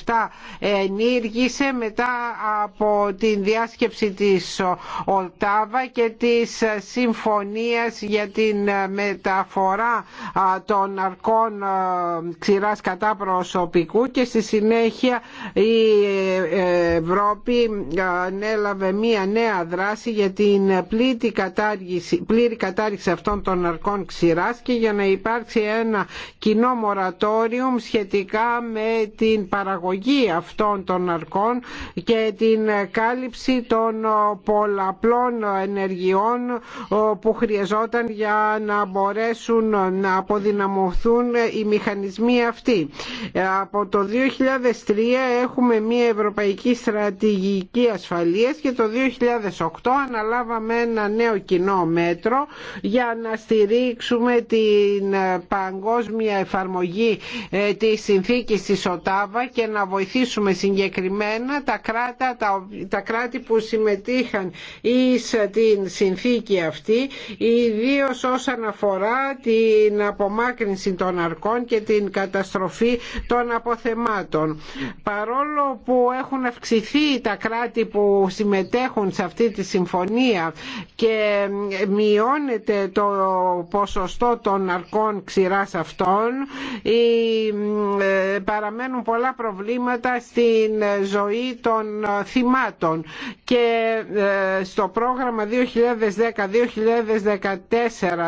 1997 ενήργησε μετά από την διάσκεψη της Ολτάβα και της συμφωνίας για την ε, μεταφορά των αρκών ξηράς κατά προσωπικού και στη συνέχεια η ε, Ευρώπη ανέλαβε μία νέα δράση για την πλήρη κατάργηση, πλήρη κατάργηση αυτών των αρκών ξηράς και για να υπάρξει ένα κοινό μορατόριο σχετικά με την παραγωγή αυτών των αρκών και την κάλυψη των πολλαπλών ενεργειών που χρειαζόταν για να μπορέσουν να αποδυναμωθούν οι μηχανισμοί αυτοί. Από το 2003 έχουμε μια ευρωπαϊκή στρατηγική ασφαλείας και το 2008 αναλάβαμε ένα νέο κοινό μέτρο για να στηρίξουμε την παγκόσμια εφαρμογή ε, της συνθήκης της ΟΤΑΒΑ και να βοηθήσουμε συγκεκριμένα τα, κράτα, τα, τα κράτη που συμμετείχαν εις την συνθήκη αυτή ιδίως όσον αφορά αφορά την απομάκρυνση των αρκών και την καταστροφή των αποθεμάτων. Παρόλο που έχουν αυξηθεί τα κράτη που συμμετέχουν σε αυτή τη συμφωνία και μειώνεται το ποσοστό των αρκών ξηράς αυτών, ε, παραμένουν πολλά προβλήματα στην ζωή των θυμάτων και ε, στο πρόγραμμα 2010-2014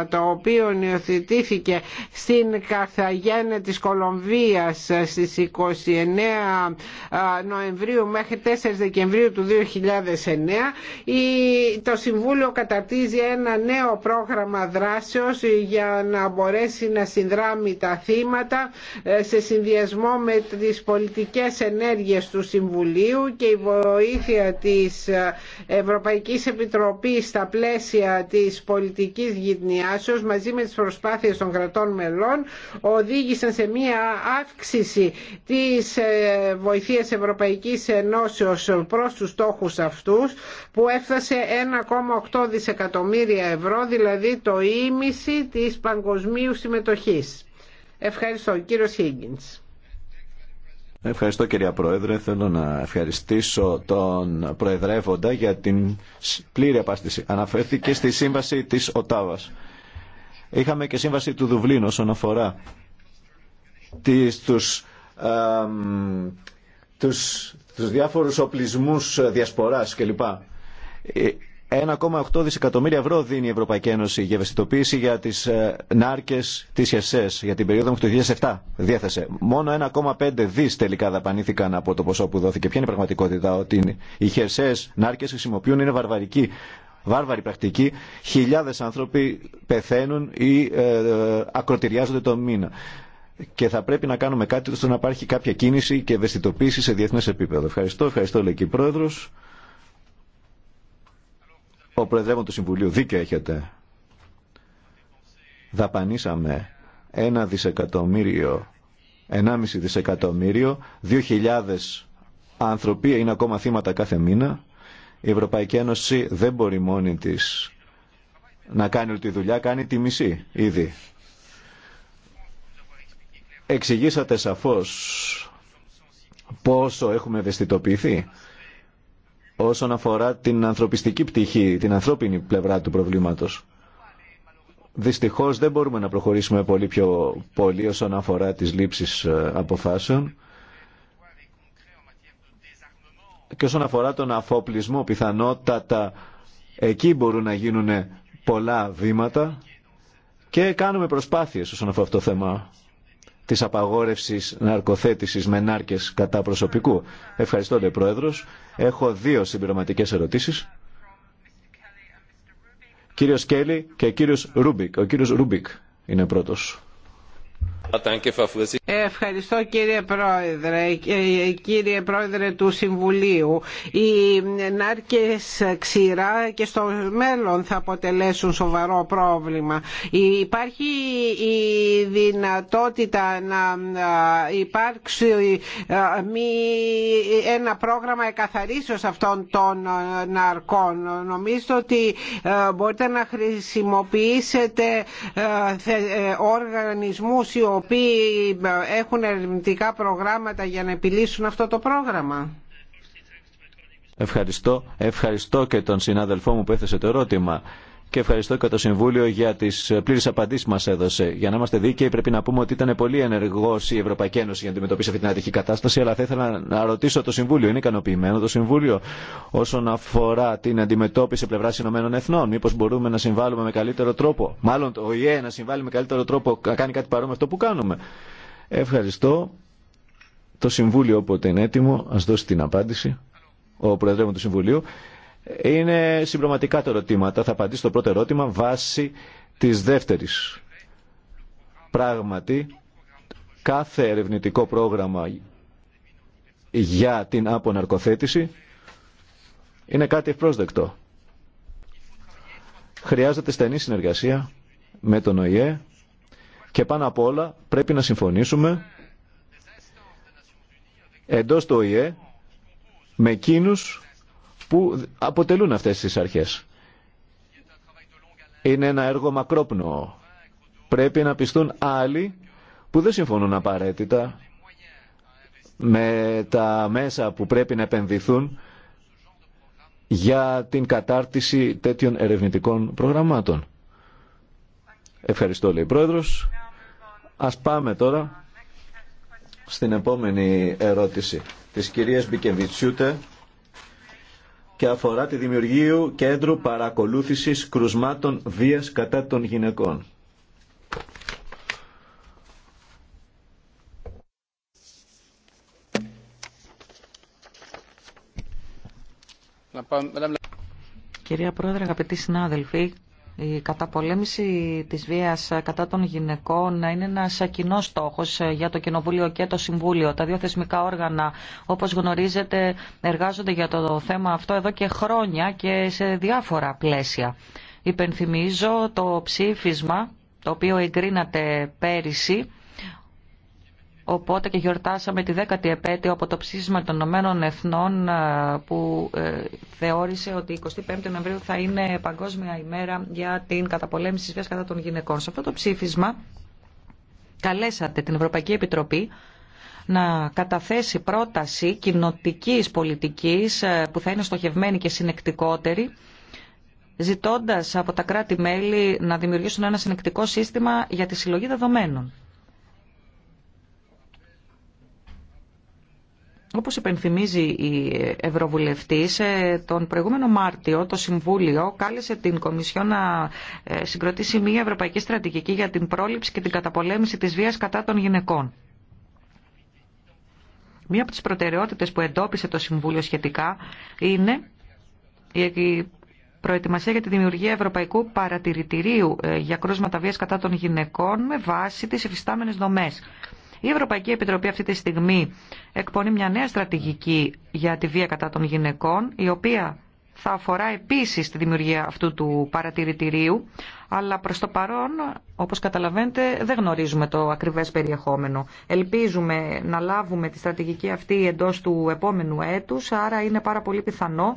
το οποίο υιοθετήθηκε στην Καρθαγένα της Κολομβίας στις 29 ε, Νοεμβρίου μέχρι 4 Δεκεμβρίου του 2009 το Συμβούλιο καταρτίζει ένα νέο πρόγραμμα δράσεως για να μπορέσει να συνδράμει τα θύματα ε, σε συνδυασμό με τις πολιτικές ενέργειες του Συμβουλίου και η βοήθεια της ε, Ευρωπαϊκής Επιτροπής στα πλαίσια της πολιτικής γυτνιάσεως μαζί με τις προσπάθειες των κρατών μελών οδήγησαν σε μία αύξηση της ε, βοηθείας Ευρωπαϊκής Ενώσεως προς τους στόχους αυτούς που έφτασε 1,8 δισεκατομμύρια ευρώ, δηλαδή το ίμιση της παγκοσμίου συμμετοχής. Ευχαριστώ. Κύριο Higgins. Ευχαριστώ κυρία Πρόεδρε. Θέλω να ευχαριστήσω τον Προεδρεύοντα για την πλήρη απάστηση. Αναφέρθηκε στη σύμβαση της Οτάβας. Είχαμε και σύμβαση του Δουβλίνου όσον αφορά τις, τους, α, τους, τους διάφορους οπλισμούς διασποράς κλπ. 1,8 ε, δισεκατομμύρια ευρώ δίνει η Ευρωπαϊκή Ένωση για ευαισθητοποίηση για τι ε, νάρκε τη ΕΣΕΣ για την περίοδο μέχρι το 2007. Διέθεσε. Μόνο 1,5 δι τελικά δαπανήθηκαν από το ποσό που δόθηκε. Ποια είναι η πραγματικότητα, ότι οι χερσαίε νάρκε χρησιμοποιούν είναι βαρβαρικοί βάρβαρη πρακτική. Χιλιάδες άνθρωποι πεθαίνουν ή ε, ακροτηριάζονται το μήνα. Και θα πρέπει να κάνουμε κάτι ώστε να υπάρχει κάποια κίνηση και ευαισθητοποίηση σε διεθνές επίπεδο. Ευχαριστώ, ευχαριστώ λέει και η Πρόεδρος. Ο Προεδρεύων του Συμβουλίου, δίκαιο έχετε. Δαπανίσαμε ένα δισεκατομμύριο, ενάμιση δισεκατομμύριο, δύο χιλιάδες άνθρωποι είναι ακόμα θύματα κάθε μήνα η Ευρωπαϊκή Ένωση δεν μπορεί μόνη της να κάνει όλη τη δουλειά, κάνει τη μισή ήδη. Εξηγήσατε σαφώς πόσο έχουμε ευαισθητοποιηθεί όσον αφορά την ανθρωπιστική πτυχή, την ανθρώπινη πλευρά του προβλήματος. Δυστυχώς δεν μπορούμε να προχωρήσουμε πολύ πιο πολύ όσον αφορά τις λήψεις ε, αποφάσεων και όσον αφορά τον αφοπλισμό πιθανότατα εκεί μπορούν να γίνουν πολλά βήματα και κάνουμε προσπάθειες όσον αφορά αυτό το θέμα της απαγόρευσης ναρκοθέτησης με νάρκες κατά προσωπικού. Ευχαριστώ, ο Πρόεδρος. Έχω δύο συμπληρωματικές ερωτήσεις. Κύριος Κέλλη και κύριος Ρούμπικ. Ο κύριος Ρούμπικ είναι πρώτος. Ευχαριστώ κύριε Πρόεδρε, ε, κύριε Πρόεδρε του Συμβουλίου. Οι νάρκες ξηρά και στο μέλλον θα αποτελέσουν σοβαρό πρόβλημα. Υπάρχει η δυνατότητα να υπάρξει ένα πρόγραμμα εκαθαρίσεως αυτών των ναρκών. Νομίζω ότι μπορείτε να χρησιμοποιήσετε ε, οργανισμούς οι οποίοι ε, έχουν ερευνητικά προγράμματα για να επιλύσουν αυτό το πρόγραμμα. Ευχαριστώ. Ευχαριστώ και τον συνάδελφό μου που έθεσε το ερώτημα και ευχαριστώ και το Συμβούλιο για τι πλήρε απαντήσει που μα έδωσε. Για να είμαστε δίκαιοι, πρέπει να πούμε ότι ήταν πολύ ενεργό η Ευρωπαϊκή Ένωση για να αντιμετωπίσει αυτή την ατυχή κατάσταση. Αλλά θα ήθελα να ρωτήσω το Συμβούλιο, είναι ικανοποιημένο το Συμβούλιο όσον αφορά την αντιμετώπιση πλευρά Ηνωμένων Εθνών. Μήπω μπορούμε να συμβάλλουμε με καλύτερο τρόπο, μάλλον το ΟΗΕ να συμβάλλει με καλύτερο τρόπο, να κάνει κάτι παρόμοιο αυτό που κάνουμε. Ευχαριστώ. Το Συμβούλιο όποτε είναι έτοιμο, α δώσει την απάντηση, ο Προεδρεύων του Συμβουλίου. Είναι συμπληρωματικά τα ερωτήματα. Θα απαντήσω το πρώτο ερώτημα βάσει της δεύτερης. Πράγματι, κάθε ερευνητικό πρόγραμμα για την αποναρκοθέτηση είναι κάτι ευπρόσδεκτο. Χρειάζεται στενή συνεργασία με τον ΟΗΕ και πάνω απ' όλα πρέπει να συμφωνήσουμε εντός του ΟΗΕ με εκείνους που αποτελούν αυτές τις αρχές. Είναι ένα έργο μακρόπνοο. Πρέπει να πιστούν άλλοι που δεν συμφωνούν απαραίτητα με τα μέσα που πρέπει να επενδυθούν για την κατάρτιση τέτοιων ερευνητικών προγραμμάτων. Ευχαριστώ, λέει Πρόεδρος. Ας πάμε τώρα στην επόμενη ερώτηση της κυρίας Μπικεβιτσιούτε και αφορά τη δημιουργία κέντρου παρακολούθησης κρουσμάτων βίας κατά των γυναικών. Κυρία Πρόεδρε, αγαπητοί συνάδελφοι, η καταπολέμηση της βίας κατά των γυναικών είναι ένας κοινό στόχος για το Κοινοβούλιο και το Συμβούλιο. Τα δύο θεσμικά όργανα, όπως γνωρίζετε, εργάζονται για το θέμα αυτό εδώ και χρόνια και σε διάφορα πλαίσια. Υπενθυμίζω το ψήφισμα το οποίο εγκρίνατε πέρυσι Οπότε και γιορτάσαμε τη δέκατη επέτειο από το ψήφισμα των Ηνωμένων Εθνών ε, που ε, θεώρησε ότι 25η Νοεμβρίου θα είναι Παγκόσμια ημέρα για την καταπολέμηση της βίας κατά των γυναικών. Σε αυτό το ψήφισμα καλέσατε την Ευρωπαϊκή Επιτροπή να καταθέσει πρόταση κοινοτικής πολιτικής ε, που θα είναι στοχευμένη και συνεκτικότερη ζητώντας από τα κράτη-μέλη να δημιουργήσουν ένα συνεκτικό σύστημα για τη συλλογή δεδομένων. Όπως υπενθυμίζει η Ευρωβουλευτής, ε, τον προηγούμενο Μάρτιο το Συμβούλιο κάλεσε την Κομισιό να ε, συγκροτήσει μια ευρωπαϊκή στρατηγική για την πρόληψη και την καταπολέμηση της βίας κατά των γυναικών. Μία από τις προτεραιότητες που εντόπισε το Συμβούλιο σχετικά είναι η προετοιμασία για τη δημιουργία Ευρωπαϊκού Παρατηρητηρίου ε, για κρούσματα βίας κατά των γυναικών με βάση τις εφιστάμενες δομές. Η Ευρωπαϊκή Επιτροπή αυτή τη στιγμή εκπονεί μια νέα στρατηγική για τη βία κατά των γυναικών, η οποία θα αφορά επίσης τη δημιουργία αυτού του παρατηρητηρίου, αλλά προς το παρόν, όπως καταλαβαίνετε, δεν γνωρίζουμε το ακριβές περιεχόμενο. Ελπίζουμε να λάβουμε τη στρατηγική αυτή εντός του επόμενου έτους, άρα είναι πάρα πολύ πιθανό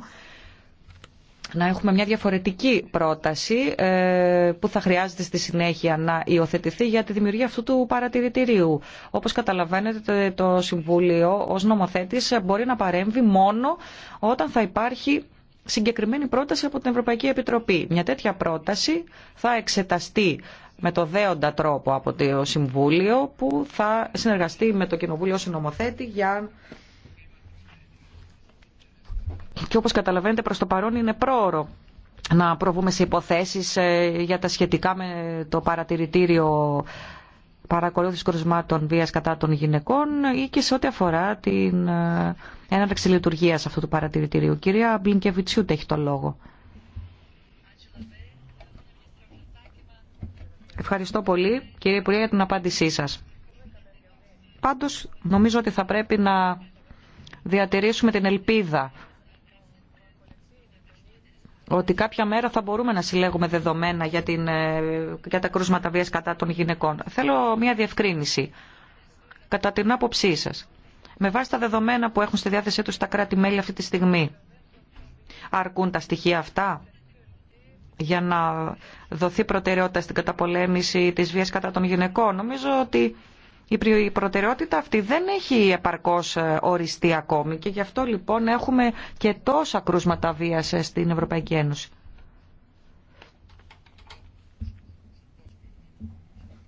να έχουμε μια διαφορετική πρόταση ε, που θα χρειάζεται στη συνέχεια να υιοθετηθεί για τη δημιουργία αυτού του παρατηρητηρίου. Όπως καταλαβαίνετε το Συμβούλιο ως νομοθέτης μπορεί να παρέμβει μόνο όταν θα υπάρχει συγκεκριμένη πρόταση από την Ευρωπαϊκή Επιτροπή. Μια τέτοια πρόταση θα εξεταστεί με το δέοντα τρόπο από το Συμβούλιο που θα συνεργαστεί με το Κοινοβούλιο ως νομοθέτη για και όπως καταλαβαίνετε προς το παρόν είναι πρόωρο να προβούμε σε υποθέσεις ε, για τα σχετικά με το παρατηρητήριο παρακολούθηση κρουσμάτων βίας κατά των γυναικών ή και σε ό,τι αφορά την ε, έναρξη λειτουργίας αυτού του παρατηρητήριου. Κυρία Μπλινκεβιτσιούτ έχει το λόγο. Ευχαριστώ πολύ κύριε Υπουργέ για την απάντησή σας. Πάντως νομίζω ότι θα πρέπει να διατηρήσουμε την ελπίδα ότι κάποια μέρα θα μπορούμε να συλλέγουμε δεδομένα για, την, ε, για τα κρούσματα βίας κατά των γυναικών. Θέλω μια διευκρίνηση κατά την άποψή σας. Με βάση τα δεδομένα που έχουν στη διάθεσή τους τα κράτη-μέλη αυτή τη στιγμή, αρκούν τα στοιχεία αυτά για να δοθεί προτεραιότητα στην καταπολέμηση της βίας κατά των γυναικών. Νομίζω ότι η προτεραιότητα αυτή δεν έχει επαρκώς ε, οριστεί ακόμη και γι' αυτό λοιπόν έχουμε και τόσα κρούσματα βίας ε, στην Ευρωπαϊκή Ένωση.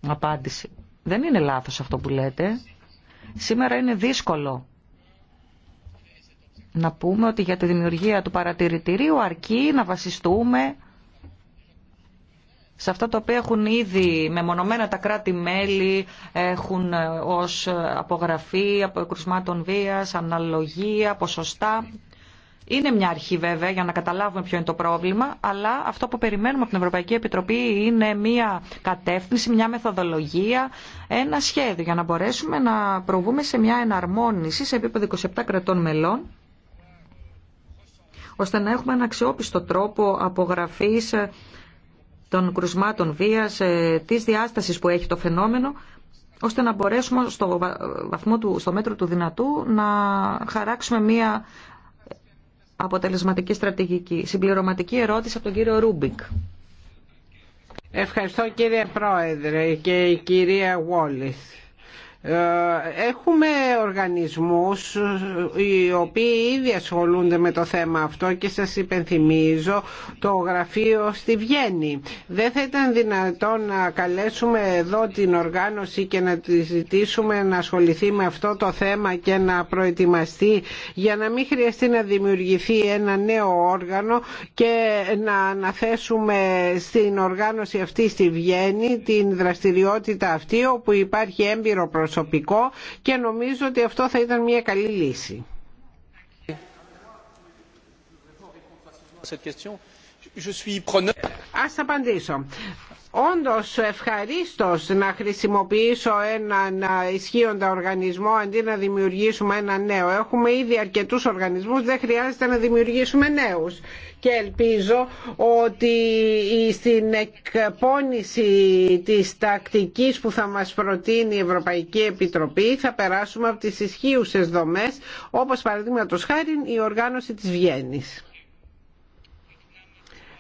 Απάντηση. Δεν είναι λάθος αυτό που λέτε. Σήμερα είναι δύσκολο να πούμε ότι για τη δημιουργία του παρατηρητηρίου αρκεί να βασιστούμε σε αυτά τα οποία έχουν ήδη μεμονωμένα τα κράτη-μέλη, έχουν ε, ως απογραφή από κρουσμάτων βίας, αναλογία, ποσοστά. Είναι μια αρχή βέβαια για να καταλάβουμε ποιο είναι το πρόβλημα, αλλά αυτό που περιμένουμε από την Ευρωπαϊκή Επιτροπή είναι μια κατεύθυνση, μια μεθοδολογία, ένα σχέδιο για να μπορέσουμε να προβούμε σε μια εναρμόνιση σε επίπεδο 27 κρατών μελών ώστε να έχουμε ένα αξιόπιστο τρόπο απογραφής ε, των κρουσμάτων βίας, ε, της διάστασης που έχει το φαινόμενο, ώστε να μπορέσουμε στο, βαθμό του, στο μέτρο του δυνατού να χαράξουμε μία αποτελεσματική στρατηγική. Συμπληρωματική ερώτηση από τον κύριο Ρούμπικ. Ευχαριστώ κύριε Πρόεδρε και η κυρία Βόλης. Ε, έχουμε οργανισμούς ε, οι οποίοι ήδη ασχολούνται με το θέμα αυτό και σας υπενθυμίζω το γραφείο στη Βιέννη. Δεν θα ήταν δυνατόν να καλέσουμε εδώ την οργάνωση και να τη ζητήσουμε να ασχοληθεί με αυτό το θέμα και να προετοιμαστεί για να μην χρειαστεί να δημιουργηθεί ένα νέο όργανο και να αναθέσουμε στην οργάνωση αυτή στη Βιέννη την δραστηριότητα αυτή όπου υπάρχει έμπειρο προσωπικό και νομίζω ότι αυτό θα ήταν μια καλή λύση. Α Ας απαντήσω. Όντως ευχαρίστως να χρησιμοποιήσω έναν ισχύοντα οργανισμό αντί να δημιουργήσουμε ένα νέο. Έχουμε ήδη αρκετούς οργανισμούς, δεν χρειάζεται να δημιουργήσουμε νέους. Και ελπίζω ότι στην εκπόνηση της τακτικής που θα μας προτείνει η Ευρωπαϊκή Επιτροπή θα περάσουμε από τις ισχύουσες δομές όπως παραδείγματος χάρη η οργάνωση της Βιέννης.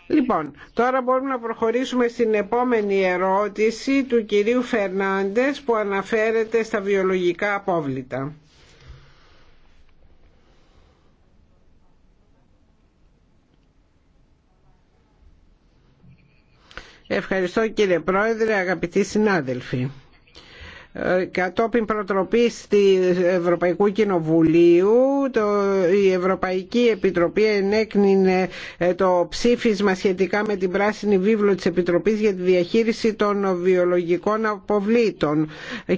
Λοιπόν, τώρα μπορούμε να προχωρήσουμε στην επόμενη ερώτηση του κυρίου Φερνάντες που αναφέρεται στα βιολογικά απόβλητα. Ευχαριστώ κύριε Πρόεδρε, αγαπητοί συνάδελφοι κατόπιν προτροπής του Ευρωπαϊκού Κοινοβουλίου το, η Ευρωπαϊκή Επιτροπή ενέκνινε ε, το ψήφισμα σχετικά με την πράσινη βίβλο της Επιτροπής για τη διαχείριση των βιολογικών αποβλήτων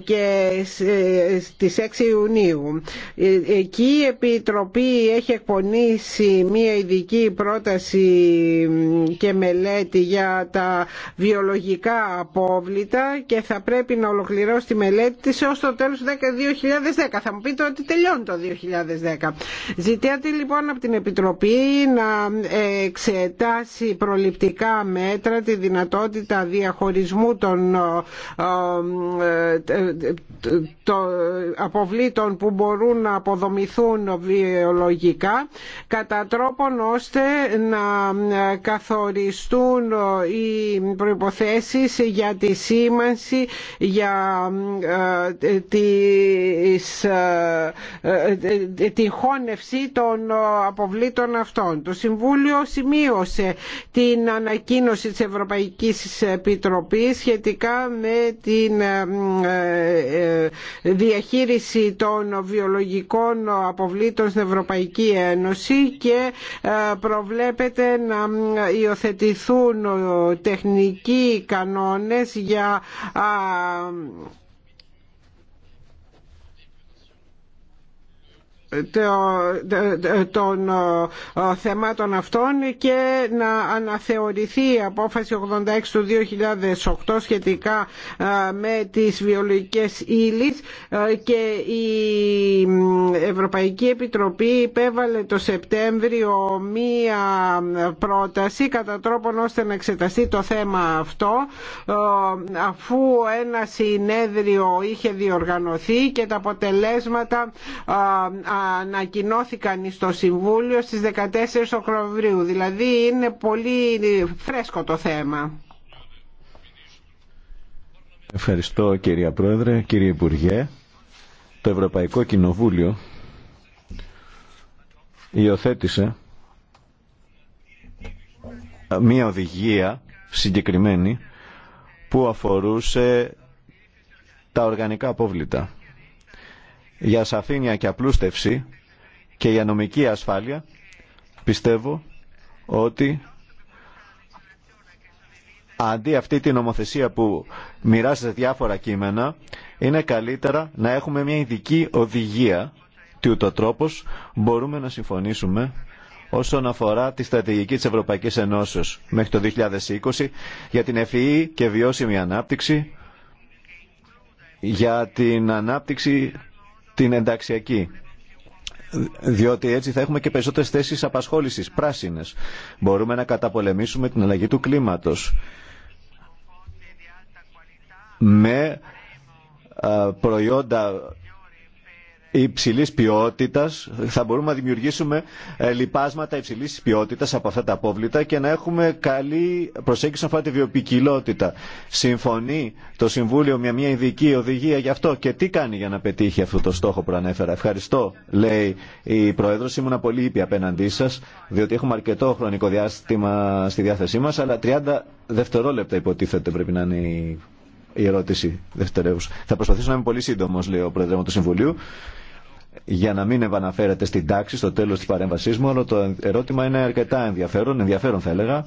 και ε, στις 6 Ιουνίου. Ε, εκεί η Επιτροπή έχει εκπονήσει μία ειδική πρόταση και μελέτη για τα βιολογικά απόβλητα και θα πρέπει να ολοκληρώσει μελέτης ως το τέλος του 2010. Θα μου πείτε ότι τελειώνει το 2010. Ζητάτε λοιπόν από την Επιτροπή να εξετάσει προληπτικά μέτρα τη δυνατότητα διαχωρισμού των ε, ε, αποβλήτων που μπορούν να αποδομηθούν βιολογικά κατά τρόπον ώστε να καθοριστούν οι προϋποθέσεις για τη σήμανση για την ε, ε, χώνευση των αποβλήτων αυτών. Το Συμβούλιο σημείωσε την ανακοίνωση της Ευρωπαϊκής Επιτροπής σχετικά με την ε, διαχείριση των βιολογικών αποβλήτων στην Ευρωπαϊκή Ένωση και προβλέπεται να υιοθετηθούν τεχνικοί κανόνες για Ε, ε, των θεμάτων αυτών και να αναθεωρηθεί η απόφαση 86 του 2008 σχετικά ε, με τις βιολογικές ύλες και η Ευρωπαϊκή Επιτροπή υπέβαλε το Σεπτέμβριο μία πρόταση κατά τρόπον ώστε να εξεταστεί το θέμα αυτό αφού ένα συνέδριο είχε διοργανωθεί και τα αποτελέσματα ανακοινώθηκαν στο Συμβούλιο στις 14 Οκτωβρίου. Δηλαδή είναι πολύ φρέσκο το θέμα. Ευχαριστώ κυρία Πρόεδρε, κύριε Υπουργέ. Το Ευρωπαϊκό Κοινοβούλιο υιοθέτησε μία οδηγία συγκεκριμένη που αφορούσε τα οργανικά απόβλητα για σαφήνεια και απλούστευση και για νομική ασφάλεια πιστεύω ότι αντί αυτή την νομοθεσία που μοιράζεται διάφορα κείμενα είναι καλύτερα να έχουμε μια ειδική οδηγία τι ούτω τρόπος μπορούμε να συμφωνήσουμε όσον αφορά τη στρατηγική της Ευρωπαϊκής Ενώσεως μέχρι το 2020 για την ευφυή e e και βιώσιμη ανάπτυξη για την ανάπτυξη την ενταξιακή διότι έτσι θα έχουμε και περισσότερες θέσεις απασχόλησης, πράσινες. Μπορούμε να καταπολεμήσουμε την αλλαγή του κλίματος με προϊόντα υψηλή ποιότητα, θα μπορούμε να δημιουργήσουμε ε, λοιπάσματα υψηλή ποιότητα από αυτά τα απόβλητα και να έχουμε καλή προσέγγιση αφορά τη βιοπικιλότητα. Συμφωνεί το Συμβούλιο με μια ειδική οδηγία γι' αυτό και τι κάνει για να πετύχει αυτό το στόχο που ανέφερα. Ευχαριστώ, λέει η Πρόεδρο. Ήμουν πολύ ήπια απέναντί σα, διότι έχουμε αρκετό χρονικό διάστημα στη διάθεσή μα, αλλά 30 δευτερόλεπτα υποτίθεται πρέπει να είναι η ερώτηση δευτερεύουσα. Θα προσπαθήσω να είμαι πολύ σύντομο, λέει ο Πρόεδρο του Συμβουλίου για να μην επαναφέρεται στην τάξη στο τέλο τη παρέμβασή μου, αλλά το ερώτημα είναι αρκετά ενδιαφέρον, ενδιαφέρον θα έλεγα.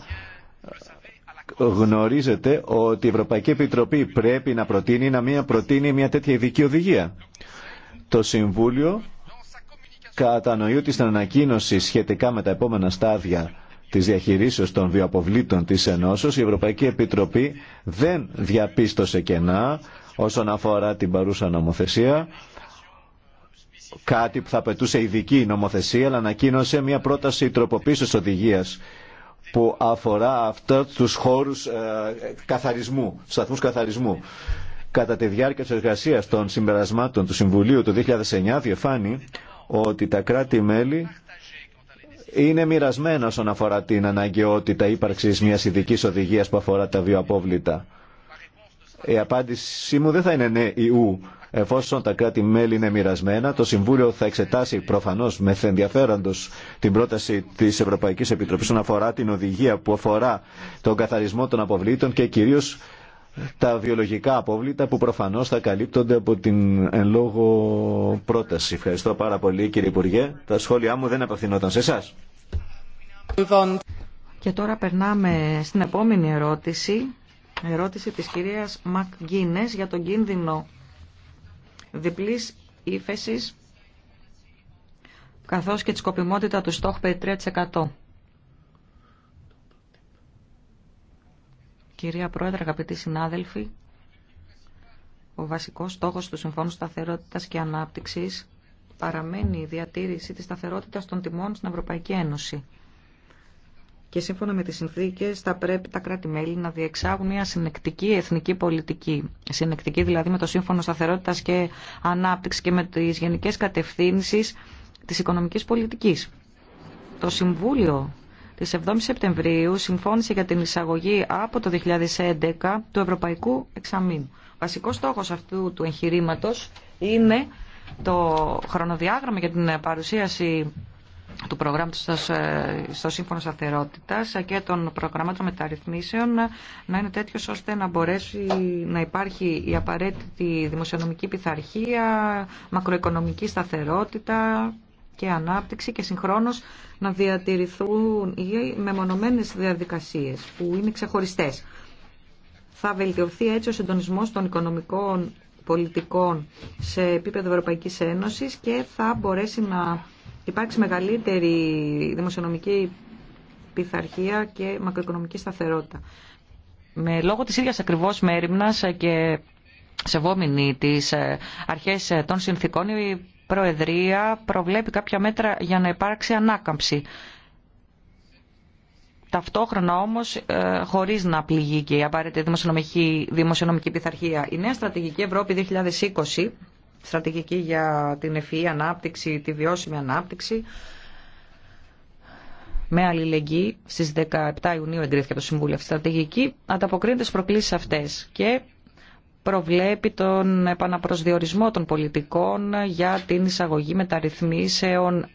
Γνωρίζετε ότι η Ευρωπαϊκή Επιτροπή πρέπει να προτείνει, να μία προτείνει μια τέτοια ειδική οδηγία. Το Συμβούλιο κατανοεί ότι στην ανακοίνωση σχετικά με τα επόμενα στάδια τη διαχειρίσεω των βιοαποβλήτων τη Ενώσεω, η Ευρωπαϊκή Επιτροπή δεν διαπίστωσε κενά όσον αφορά την παρούσα νομοθεσία κάτι που θα απαιτούσε ειδική νομοθεσία, αλλά ανακοίνωσε μια πρόταση τροποποίησης οδηγία που αφορά αυτά του χώρους ε, καθαρισμού, σταθμού καθαρισμού. Κατά τη διάρκεια τη εργασία των συμπερασμάτων του Συμβουλίου του 2009 διεφάνει ότι τα κράτη-μέλη είναι μοιρασμένα όσον αφορά την αναγκαιότητα ύπαρξη μια ειδική οδηγία που αφορά τα βιοαπόβλητα. Η απάντησή μου δεν θα είναι ναι ή ου. Εφόσον τα κράτη-μέλη είναι μοιρασμένα, το Συμβούλιο θα εξετάσει προφανώ με ενδιαφέροντο την πρόταση τη Ευρωπαϊκή Επιτροπή όσον αφορά την οδηγία που αφορά τον καθαρισμό των αποβλήτων και κυρίω τα βιολογικά απόβλητα που προφανώς θα καλύπτονται από την εν λόγω πρόταση. Ευχαριστώ πάρα πολύ κύριε Υπουργέ. Τα σχόλιά μου δεν απευθυνόταν σε εσά. Και τώρα περνάμε στην επόμενη ερώτηση ερώτηση της κυρίας Γκίνες για τον κίνδυνο διπλής ύφεση καθώς και τη σκοπιμότητα του στόχου περί 3%. Κυρία Πρόεδρε, αγαπητοί συνάδελφοι, ο βασικός στόχος του Συμφώνου Σταθερότητας και Ανάπτυξης παραμένει η διατήρηση της σταθερότητας των τιμών στην Ευρωπαϊκή Ένωση και σύμφωνα με τις συνθήκες θα πρέπει τα κράτη-μέλη να διεξάγουν μια συνεκτική εθνική πολιτική. Συνεκτική δηλαδή με το Σύμφωνο Σταθερότητας και Ανάπτυξη και με τις γενικές κατευθύνσεις της οικονομικής πολιτικής. Το Συμβούλιο της 7 Σεπτεμβρίου συμφώνησε για την εισαγωγή από το 2011 του Ευρωπαϊκού Εξαμήνου. Βασικός στόχος αυτού του εγχειρήματο είναι το χρονοδιάγραμμα για την παρουσίαση του προγράμματος ε, στο, Σύμφωνο σταθερότητα και των προγραμμάτων μεταρρυθμίσεων να είναι τέτοιο ώστε να μπορέσει να υπάρχει η απαραίτητη δημοσιονομική πειθαρχία, μακροοικονομική σταθερότητα και ανάπτυξη και συγχρόνως να διατηρηθούν οι μεμονωμένες διαδικασίες που είναι ξεχωριστές. Θα βελτιωθεί έτσι ο συντονισμός των οικονομικών πολιτικών σε επίπεδο Ευρωπαϊκής Ένωσης και θα μπορέσει να υπάρξει μεγαλύτερη δημοσιονομική πειθαρχία και μακροοικονομική σταθερότητα. Με λόγω της ίδιας ακριβώς μέρημνας και σεβόμενη τις ε, αρχές ε, των συνθήκων, η Προεδρία προβλέπει κάποια μέτρα για να υπάρξει ανάκαμψη. Ταυτόχρονα όμως ε, χωρίς να πληγεί και η απαραίτητη δημοσιονομική, δημοσιονομική πειθαρχία. Η νέα στρατηγική Ευρώπη 2020 στρατηγική για την ευφυή ανάπτυξη, τη βιώσιμη ανάπτυξη. Με αλληλεγγύη στις 17 Ιουνίου εγκρίθηκε το Συμβούλιο αυτή στρατηγική, ανταποκρίνεται στις προκλήσεις αυτές και προβλέπει τον επαναπροσδιορισμό των πολιτικών για την εισαγωγή μεταρρυθμίσεων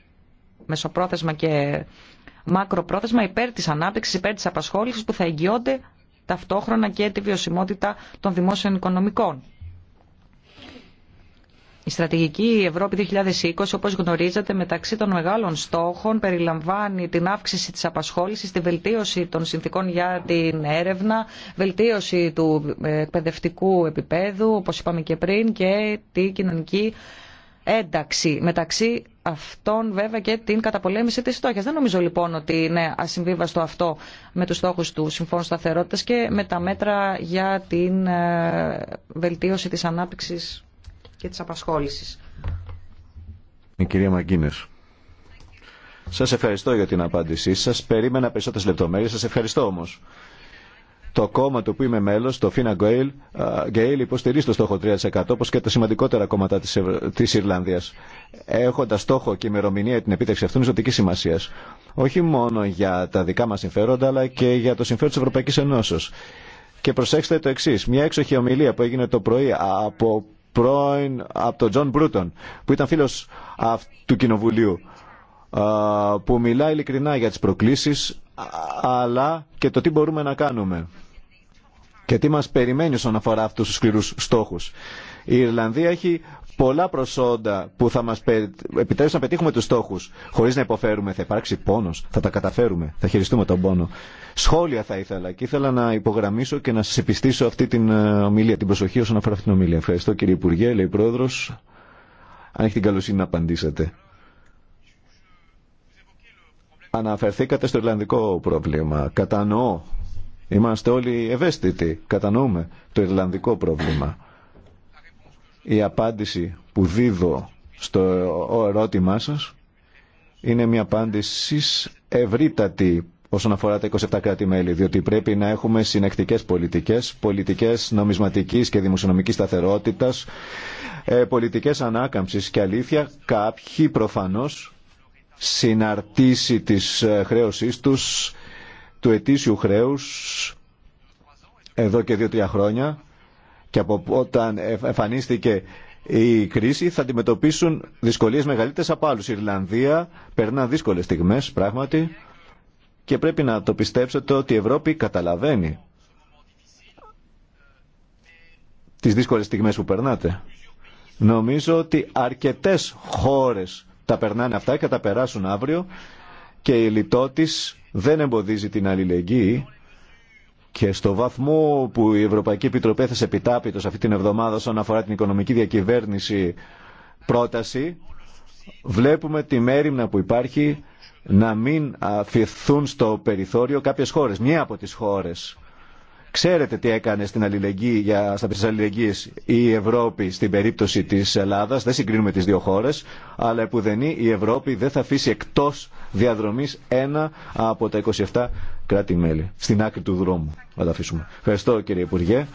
μεσοπρόθεσμα και μακροπρόθεσμα υπέρ της ανάπτυξης, υπέρ της απασχόλησης που θα εγγυώνται ταυτόχρονα και τη βιωσιμότητα των δημόσιων οικονομικών. Η στρατηγική Ευρώπη 2020, όπως γνωρίζετε, μεταξύ των μεγάλων στόχων περιλαμβάνει την αύξηση της απασχόλησης, τη βελτίωση των συνθήκων για την έρευνα, βελτίωση του ε, εκπαιδευτικού επίπεδου, όπως είπαμε και πριν, και τη κοινωνική ένταξη μεταξύ αυτών βέβαια και την καταπολέμηση της στόχης. Δεν νομίζω λοιπόν ότι είναι ασυμβίβαστο αυτό με τους στόχους του Συμφώνου Σταθερότητας και με τα μέτρα για την ε, βελτίωση της ανάπτυξης και της απασχόλησης. Η κυρία Μαγκίνες. Σας ευχαριστώ για την απάντησή σας. Περίμενα περισσότερες λεπτομέρειες. Σας ευχαριστώ όμως. Το κόμμα του που είμαι μέλος, το Φίνα Γκέιλ, Γκέιλ υποστηρίζει το στόχο 3% όπως και τα σημαντικότερα κόμματα της, της Ιρλανδίας. Έχοντας στόχο και ημερομηνία την επίτευξη αυτών είναι ζωτική σημασία. Όχι μόνο για τα δικά μας συμφέροντα αλλά και για το συμφέρον τη Ευρωπαϊκή Ενώσεω. Και προσέξτε το εξή. Μια έξοχη ομιλία που έγινε το πρωί από πρώην από τον Τζον Μπρούτον που ήταν φίλος του Κοινοβουλίου που μιλάει ειλικρινά για τις προκλήσεις αλλά και το τι μπορούμε να κάνουμε και τι μας περιμένει όσον αφορά αυτούς τους σκληρούς στόχους. Η Ιρλανδία έχει πολλά προσόντα που θα μα επιτρέψουν να πετύχουμε του στόχου, χωρί να υποφέρουμε. Θα υπάρξει πόνο, θα τα καταφέρουμε, θα χειριστούμε τον πόνο. Σχόλια θα ήθελα και ήθελα να υπογραμμίσω και να σα επιστήσω αυτή την ε, ομιλία, την προσοχή όσον αφορά αυτή την ομιλία. Ευχαριστώ κύριε Υπουργέ, λέει πρόεδρο. αν έχει την καλοσύνη να απαντήσετε. Αναφερθήκατε στο Ιρλανδικό πρόβλημα. Κατανοώ. Είμαστε όλοι ευαίσθητοι. Κατανοούμε το Ιρλανδικό πρόβλημα η απάντηση που δίδω στο ερώτημά σας είναι μια απάντηση ευρύτατη όσον αφορά τα 27 κράτη-μέλη, διότι πρέπει να έχουμε συνεκτικές πολιτικές, πολιτικές νομισματικής και δημοσιονομικής σταθερότητας, ε, πολιτικές ανάκαμψης και αλήθεια, κάποιοι προφανώς συναρτήσει της ε, χρέωσής τους, του ετήσιου χρέους, εδώ και δύο-τρία χρόνια, και από όταν εμφανίστηκε η κρίση θα αντιμετωπίσουν δυσκολίες μεγαλύτερες από άλλους. Η Ιρλανδία περνά δύσκολες στιγμές πράγματι και πρέπει να το πιστέψετε ότι η Ευρώπη καταλαβαίνει τις δύσκολες στιγμές που περνάτε. Νομίζω ότι αρκετές χώρες τα περνάνε αυτά και τα περάσουν αύριο και η λιτότης δεν εμποδίζει την αλληλεγγύη και στο βαθμό που η Ευρωπαϊκή Επιτροπή έθεσε επιτάπητος αυτή την εβδομάδα όσον αφορά την οικονομική διακυβέρνηση πρόταση, βλέπουμε τη μέρημνα που υπάρχει να μην αφιεθούν στο περιθώριο κάποιες χώρες, μία από τις χώρες. Ξέρετε τι έκανε στην αλληλεγγύη, για, στα αλληλεγγύη η Ευρώπη στην περίπτωση της Ελλάδας, δεν συγκρίνουμε τις δύο χώρες, αλλά επουδενή η Ευρώπη δεν θα αφήσει εκτός διαδρομής ένα από τα 27 κράτη-μέλη, στην άκρη του δρόμου. Θα τα αφήσουμε. Ευχαριστώ κύριε Υπουργέ.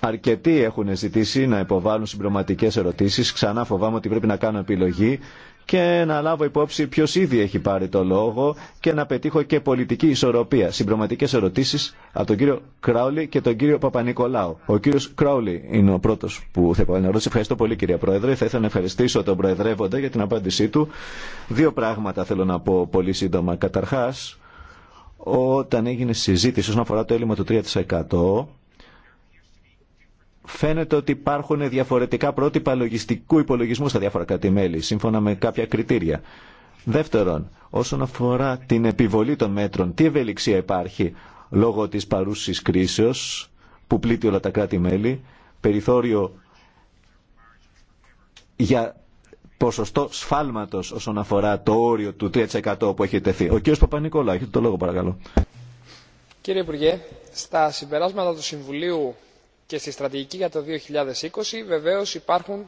Αρκετοί έχουν ζητήσει να υποβάλουν συμπληρωματικέ ερωτήσει. Ξανά φοβάμαι ότι πρέπει να κάνω επιλογή και να λάβω υπόψη ποιο ήδη έχει πάρει το λόγο και να πετύχω και πολιτική ισορροπία. Συμπληρωματικέ ερωτήσει από τον κύριο Κράουλη και τον κύριο Παπα-Νικολάου. Ο κύριο Κράουλη είναι ο πρώτο που θα υποβάλει ερώτηση. Ευχαριστώ πολύ κύριε Πρόεδρε. Θα ήθελα να ευχαριστήσω τον Προεδρεύοντα για την απάντησή του. Δύο πράγματα θέλω να πω πολύ σύντομα. Καταρχά, όταν έγινε συζήτηση όσον αφορά το έλλειμμα του 3%, φαίνεται ότι υπάρχουν διαφορετικά πρότυπα λογιστικού υπολογισμού στα διάφορα κράτη-μέλη, σύμφωνα με κάποια κριτήρια. Δεύτερον, όσον αφορά την επιβολή των μέτρων, τι ευελιξία υπάρχει λόγω της παρούσης κρίσεως που πλήττει όλα τα κράτη-μέλη, περιθώριο για ποσοστό σφάλματος όσον αφορά το όριο του 3% που έχει τεθεί. Ο κ. Παπα-Νικόλα, έχετε το λόγο παρακαλώ. Κύριε Υπουργέ, στα συμπεράσματα του Συμβουλίου και στη στρατηγική για το 2020 βεβαίως υπάρχουν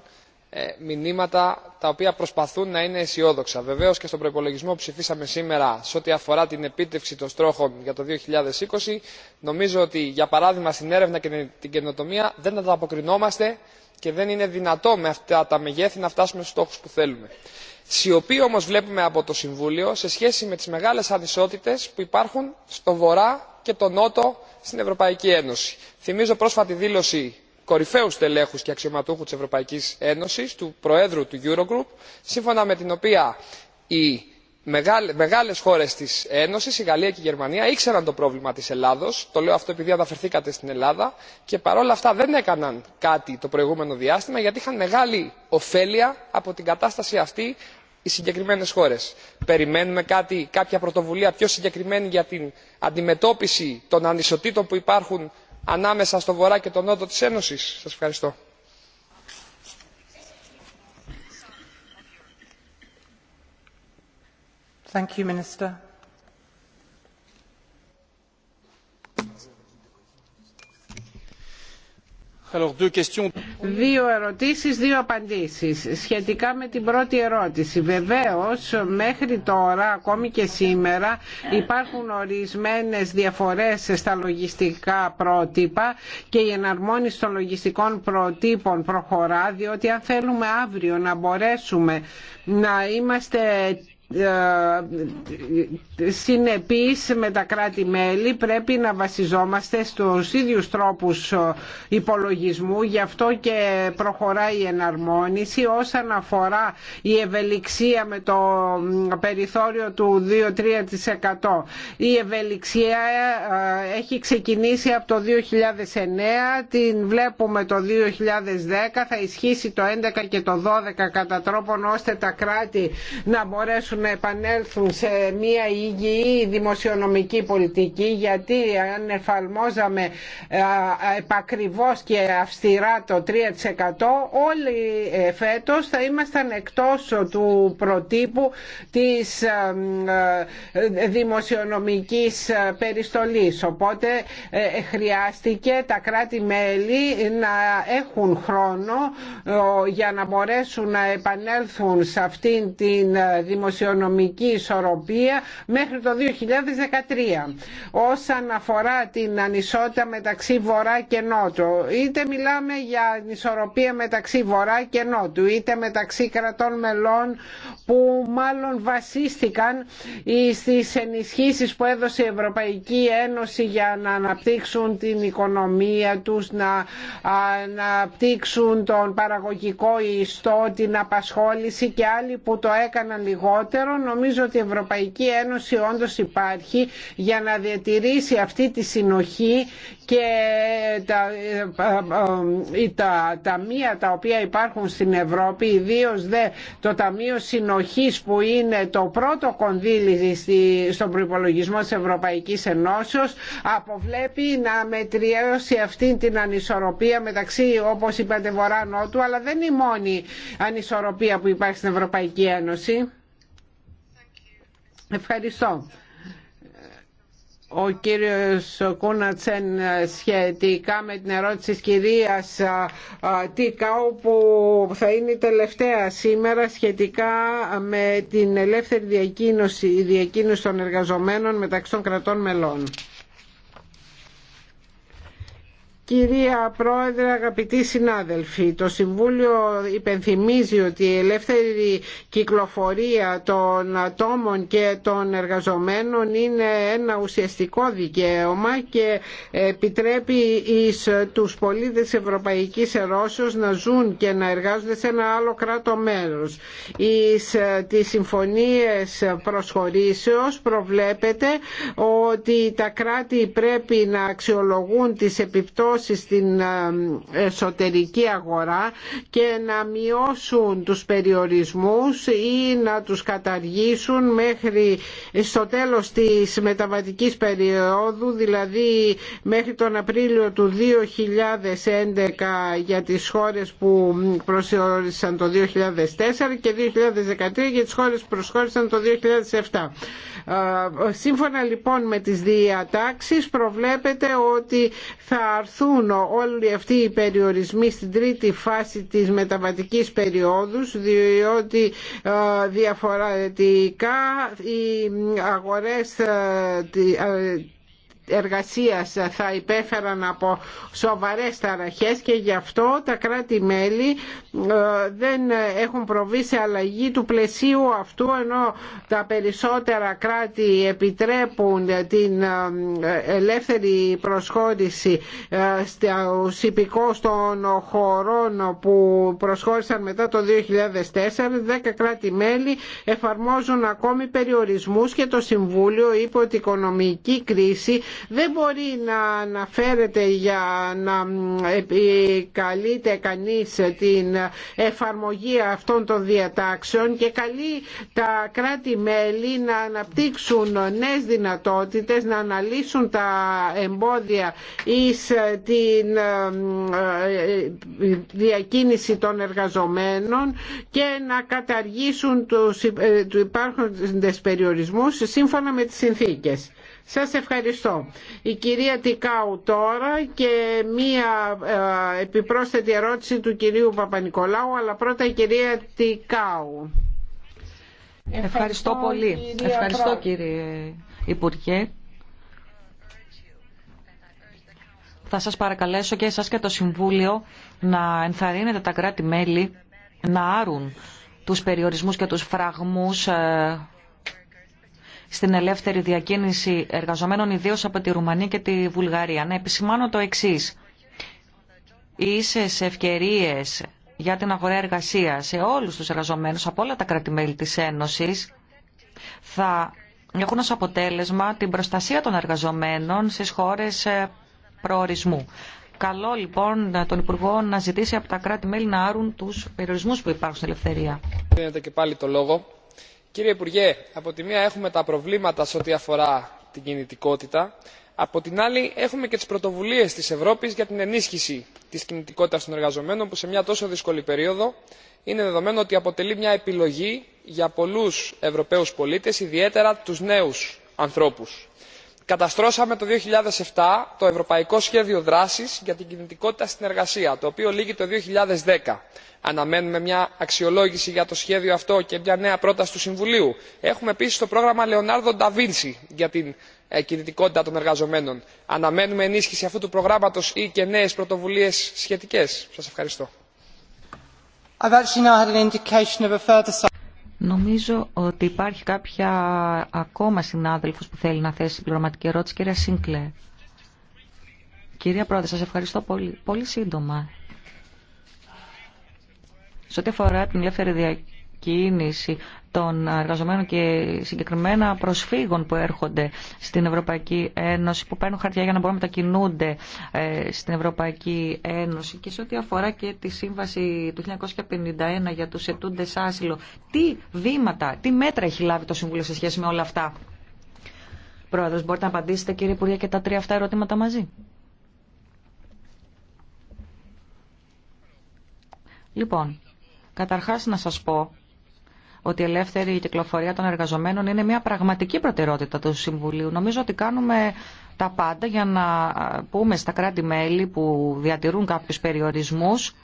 ε, μηνύματα τα οποία προσπαθούν να είναι αισιόδοξα. βεβαίω και στον προπολογισμό που ψηφίσαμε σήμερα σε ό,τι αφορά την επίτευξη των στόχων για το 2020 νομίζω ότι για παράδειγμα στην έρευνα και την καινοτομία δεν ανταποκρινόμαστε και δεν είναι δυνατό με αυτά τα μεγέθη να φτάσουμε στου στόχου που θέλουμε. Σιωπή όμω βλέπουμε από το Συμβούλιο σε σχέση με τι μεγάλε ανισότητε που υπάρχουν στο Βορρά και τον Νότο στην Ευρωπαϊκή Ένωση. Θυμίζω πρόσφατη δήλωση Κορυφαίου τελέχους και αξιωματούχου τη Ευρωπαϊκή Ένωση, του προέδρου του eurogroup σύμφωνα με την οποία οι μεγάλε χώρε τη Ένωση, η γαλλία και η γερμανία ήξεραν το πρόβλημα τη Ελλάδο. το λέω αυτό επειδή αναφερθήκατε στην ελλάδα και παρόλα αυτά δεν έκαναν κάτι το προηγούμενο διάστημα γιατί είχαν μεγάλη ωφέλεια από την κατάσταση αυτή οι συγκεκριμένε χώρε. περιμένουμε κάτι κάποια πρωτοβουλία πιο συγκεκριμένη για την αντιμετώπιση των ανισοτήτων που υπάρχουν ανάμεσα στο βορρά και τον νότο της Ένωσης. Σας ευχαριστώ. Δύο ερωτήσεις, δύο απαντήσεις. Σχετικά με την πρώτη ερώτηση. Βεβαίως, μέχρι τώρα, ακόμη και σήμερα, υπάρχουν ορισμένες διαφορές στα λογιστικά πρότυπα και η εναρμόνιση των λογιστικών προτύπων προχωρά, διότι αν θέλουμε αύριο να μπορέσουμε να είμαστε ε, συνεπείς με τα κράτη-μέλη πρέπει να βασιζόμαστε στους ίδιους τρόπους υπολογισμού γι' αυτό και προχωράει η εναρμόνιση όσον αφορά η ευελιξία με το περιθώριο του 2-3% η ευελιξία ε, έχει ξεκινήσει από το 2009 την βλέπουμε το 2010 θα ισχύσει το 11 και το 12 κατά τρόπον ώστε τα κράτη να μπορέσουν να επανέλθουν σε μια υγιή δημοσιονομική πολιτική γιατί αν εφαρμόζαμε ε, επακριβώς και αυστηρά το 3% όλοι ε, φέτος θα ήμασταν εκτός του προτύπου της ε, δημοσιονομικής περιστολής. Οπότε χρειάστηκε τα κράτη-μέλη να έχουν χρόνο για να μπορέσουν να επανέλθουν σε αυτήν την δημοσιονομική αξιονομική ισορροπία μέχρι το 2013. Όσον αφορά την ανισότητα μεταξύ Βορρά και Νότου, είτε μιλάμε για ανισορροπία μεταξύ Βορρά και Νότου, είτε μεταξύ κρατών μελών που μάλλον βασίστηκαν στις ενισχύσεις που έδωσε η Ευρωπαϊκή Ένωση για να αναπτύξουν την οικονομία τους, να αναπτύξουν τον παραγωγικό ιστό, την απασχόληση και άλλοι που το έκαναν λιγότερο νομίζω ότι η Ευρωπαϊκή Ένωση όντως υπάρχει για να διατηρήσει αυτή τη συνοχή και τα, ε, ε, ε, τα ταμεία τα οποία υπάρχουν στην Ευρώπη, ιδίω δε το Ταμείο Συνοχής που είναι το πρώτο κονδύλι στον προπολογισμό της Ευρωπαϊκής Ενώσεως, αποβλέπει να μετριώσει αυτή την ανισορροπία μεταξύ, όπως είπατε, βορρά-νότου, αλλά δεν είναι η μόνη ανισορροπία που υπάρχει στην Ευρωπαϊκή Ένωση. Ευχαριστώ ο κύριος Κούνατσεν σχετικά με την ερώτηση της κυρίας Τίκαου που θα είναι η τελευταία σήμερα σχετικά με την ελεύθερη διακίνηση, διακίνηση των εργαζομένων μεταξύ των κρατών μελών. Κυρία Πρόεδρε, αγαπητοί συνάδελφοι, το Συμβούλιο υπενθυμίζει ότι η ελεύθερη κυκλοφορία των ατόμων και των εργαζομένων είναι ένα ουσιαστικό δικαίωμα και επιτρέπει εις τους πολίτες Ευρωπαϊκής Ερώσεως να ζουν και να εργάζονται σε ένα άλλο κράτο μέρος. Εις τις συμφωνίες προσχωρήσεως προβλέπεται ότι τα κράτη πρέπει να αξιολογούν τις επιπτώσεις στην ε, εσωτερική αγορά και να μειώσουν τους περιορισμούς ή να τους καταργήσουν μέχρι στο τέλος της μεταβατικής περίοδου, δηλαδή μέχρι τον Απρίλιο του 2011 για τις χώρες που προσχώρησαν το 2004 και 2013 για τις χώρες που προσχώρησαν το 2007. Ε, σύμφωνα λοιπόν με τις διατάξεις προβλέπεται ότι θα αρθούν όλοι αυτοί οι περιορισμοί στην τρίτη φάση της μεταβατικής περίοδους διότι ε, διαφορετικά οι αγορές ε, ε, εργασίας θα υπέφεραν από σοβαρές ταραχές και γι' αυτό τα κράτη-μέλη ε, δεν έχουν προβεί σε αλλαγή του πλαισίου αυτού ενώ τα περισσότερα κράτη επιτρέπουν την ε, ελεύθερη προσχώρηση ε, στους υπηκόστων των χωρών που προσχώρησαν μετά το 2004 δεκα κράτη-μέλη εφαρμόζουν ακόμη περιορισμούς και το Συμβούλιο είπε ότι η οικονομική κρίση δεν μπορεί να αναφέρεται για να επικαλείται κανείς την εφαρμογή αυτών των διατάξεων και καλεί τα κράτη-μέλη να αναπτύξουν νέες δυνατότητες, να αναλύσουν τα εμπόδια εις την ε, ε, διακίνηση των εργαζομένων και να καταργήσουν τους, ε, τους υπάρχοντες περιορισμούς σύμφωνα με τις συνθήκες. Σας ευχαριστώ. Η κυρία Τικάου τώρα και μία ε, επιπρόσθετη ερώτηση του κυρίου Παπα-Νικολάου, αλλά πρώτα η κυρία Τικάου. Ευχαριστώ, πολύ. Ευχαριστώ κύριε Υπουργέ. Θα σας παρακαλέσω και εσάς και το Συμβούλιο να ενθαρρύνετε τα κράτη-μέλη να άρουν τους περιορισμούς και τους φραγμούς ε, στην ελεύθερη διακίνηση εργαζομένων, ιδίως από τη Ρουμανία και τη Βουλγαρία. Να επισημάνω το εξής. Ίσες ευκαιρίες για την αγορά εργασία σε όλους τους εργαζομένους από όλα τα κράτη-μέλη της Ένωσης θα έχουν ως αποτέλεσμα την προστασία των εργαζομένων στις χώρες ε, προορισμού. Καλό λοιπόν τον Υπουργό να ζητήσει από τα κράτη-μέλη να άρουν τους περιορισμούς που υπάρχουν στην ελευθερία. και πάλι το λόγο Κύριε Υπουργέ, από τη μία έχουμε τα προβλήματα σε ό,τι αφορά την κινητικότητα, από την άλλη έχουμε και τις πρωτοβουλίες της Ευρώπης για την ενίσχυση της κινητικότητας των εργαζομένων που σε μια τόσο δύσκολη περίοδο είναι δεδομένο ότι αποτελεί μια επιλογή για πολλούς Ευρωπαίους πολίτες, ιδιαίτερα του νέους ανθρώπους καταστρώσαμε το 2007 το Ευρωπαϊκό Σχέδιο Δράσης για την κινητικότητα στην εργασία, το οποίο λήγει το 2010. Αναμένουμε μια αξιολόγηση για το σχέδιο αυτό και μια νέα πρόταση του Συμβουλίου. Έχουμε επίσης το πρόγραμμα Λεωνάρδο Νταβίνση για την ε, κινητικότητα των εργαζομένων. Αναμένουμε ενίσχυση αυτού του προγράμματος ή και νέες πρωτοβουλίες σχετικές. Σας ευχαριστώ. Νομίζω ότι υπάρχει κάποια ακόμα συνάδελφος που θέλει να θέσει πληρωματική ερώτηση. Κυρία Σίνκλε. Κυρία Πρόεδρε, σας ευχαριστώ πολύ. Πολύ σύντομα. Σε ό,τι αφορά την ελεύθερη κίνηση των εργαζομένων και συγκεκριμένα προσφύγων που έρχονται στην Ευρωπαϊκή Ένωση, που παίρνουν χαρτιά για να μπορούν να μετακινούνται ε, στην Ευρωπαϊκή Ένωση και σε ό,τι αφορά και τη σύμβαση του 1951 για τους ετούντε άσυλο, τι βήματα, τι μέτρα έχει λάβει το Συμβούλιο σε σχέση με όλα αυτά. Πρόεδρος, μπορείτε να απαντήσετε κύριε Υπουργέ και τα τρία αυτά ερωτήματα μαζί. Λοιπόν, καταρχάς να σας πω ότι η ελεύθερη κυκλοφορία των εργαζομένων είναι μια πραγματική προτεραιότητα του Συμβουλίου. Νομίζω ότι κάνουμε τα πάντα για να πούμε στα κράτη-μέλη που διατηρούν κάποιους περιορισμούς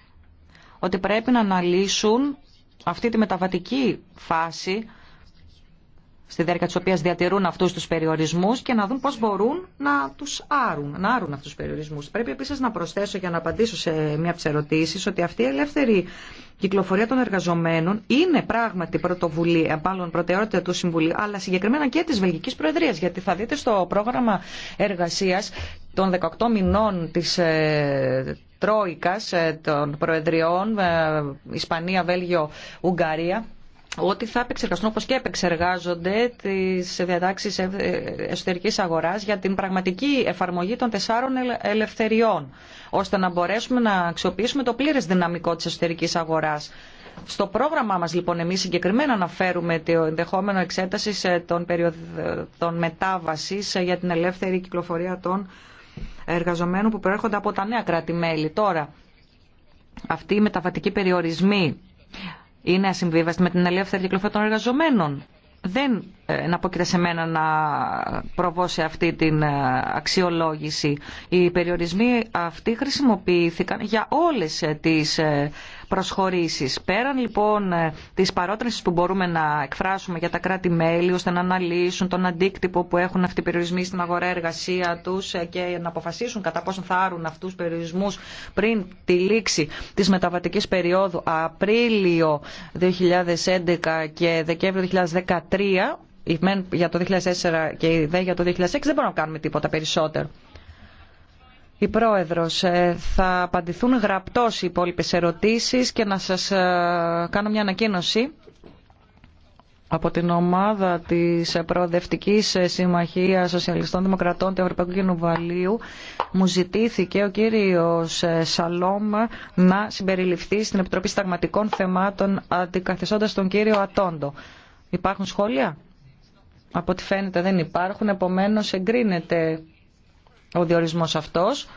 ότι πρέπει να αναλύσουν αυτή τη μεταβατική φάση στη διάρκεια τη οποία διατηρούν αυτού του περιορισμού και να δουν πώ μπορούν να τους άρουν, να άρουν αυτούς τους περιορισμούς. Πρέπει επίση να προσθέσω για να απαντήσω σε μία από τι ερωτήσει ότι αυτή η ελεύθερη κυκλοφορία των εργαζομένων είναι πράγματι πρωτοβουλία, ε, μάλλον προτεραιότητα του Συμβουλίου, αλλά συγκεκριμένα και τη Βελγικής Προεδρία. γιατί θα δείτε στο πρόγραμμα εργασία των 18 μηνών της ε, Τρόικας ε, των Προεδριών, Ισπανία, Βέλγιο, Ουγγαρία, ότι θα επεξεργαστούν όπως και επεξεργάζονται τις διατάξεις εσωτερικής αγοράς για την πραγματική εφαρμογή των τεσσάρων ελευθεριών, ώστε να μπορέσουμε να αξιοποιήσουμε το πλήρες δυναμικό της εσωτερικής αγοράς. Στο πρόγραμμά μας λοιπόν εμείς συγκεκριμένα αναφέρουμε το ενδεχόμενο εξέταση ε, των των μετάβασης ε, για την ελεύθερη κυκλοφορία των εργαζομένων που προέρχονται από τα νέα κράτη-μέλη. Τώρα, αυτοί οι μεταβατικοί περιορισμοί είναι ασυμβίβαστη με την ελεύθερη κυκλοφορία των εργαζομένων. Δεν ε, να σε μένα να προβώ σε αυτή την ε, αξιολόγηση. Οι περιορισμοί αυτοί χρησιμοποιήθηκαν για όλες ε, τις Πέραν λοιπόν ε, τη παρότρινση που μπορούμε να εκφράσουμε για τα κράτη-μέλη ώστε να αναλύσουν τον αντίκτυπο που έχουν αυτοί οι περιορισμοί στην αγορά εργασία του ε, και να αποφασίσουν κατά πόσον θα άρουν αυτού του περιορισμού πριν τη λήξη τη μεταβατική περίοδου Απρίλιο 2011 και Δεκέμβριο 2013 για το 2004 και η ΔΕ για το 2006 δεν μπορούμε να κάνουμε τίποτα περισσότερο η Πρόεδρος. Ε, θα απαντηθούν γραπτώς οι υπόλοιπες ερωτήσεις και να σας ε, κάνω μια ανακοίνωση από την ομάδα της Προοδευτικής Συμμαχίας Σοσιαλιστών Δημοκρατών του Ευρωπαϊκού Κοινοβουλίου μου ζητήθηκε ο κύριος ε, Σαλόμ να συμπεριληφθεί στην Επιτροπή Σταγματικών Θεμάτων αντικαθιστώντας τον κύριο Ατόντο. Υπάρχουν σχόλια? Από ό,τι φαίνεται δεν υπάρχουν, επομένως εγκρίνεται ο διορισμός αυτός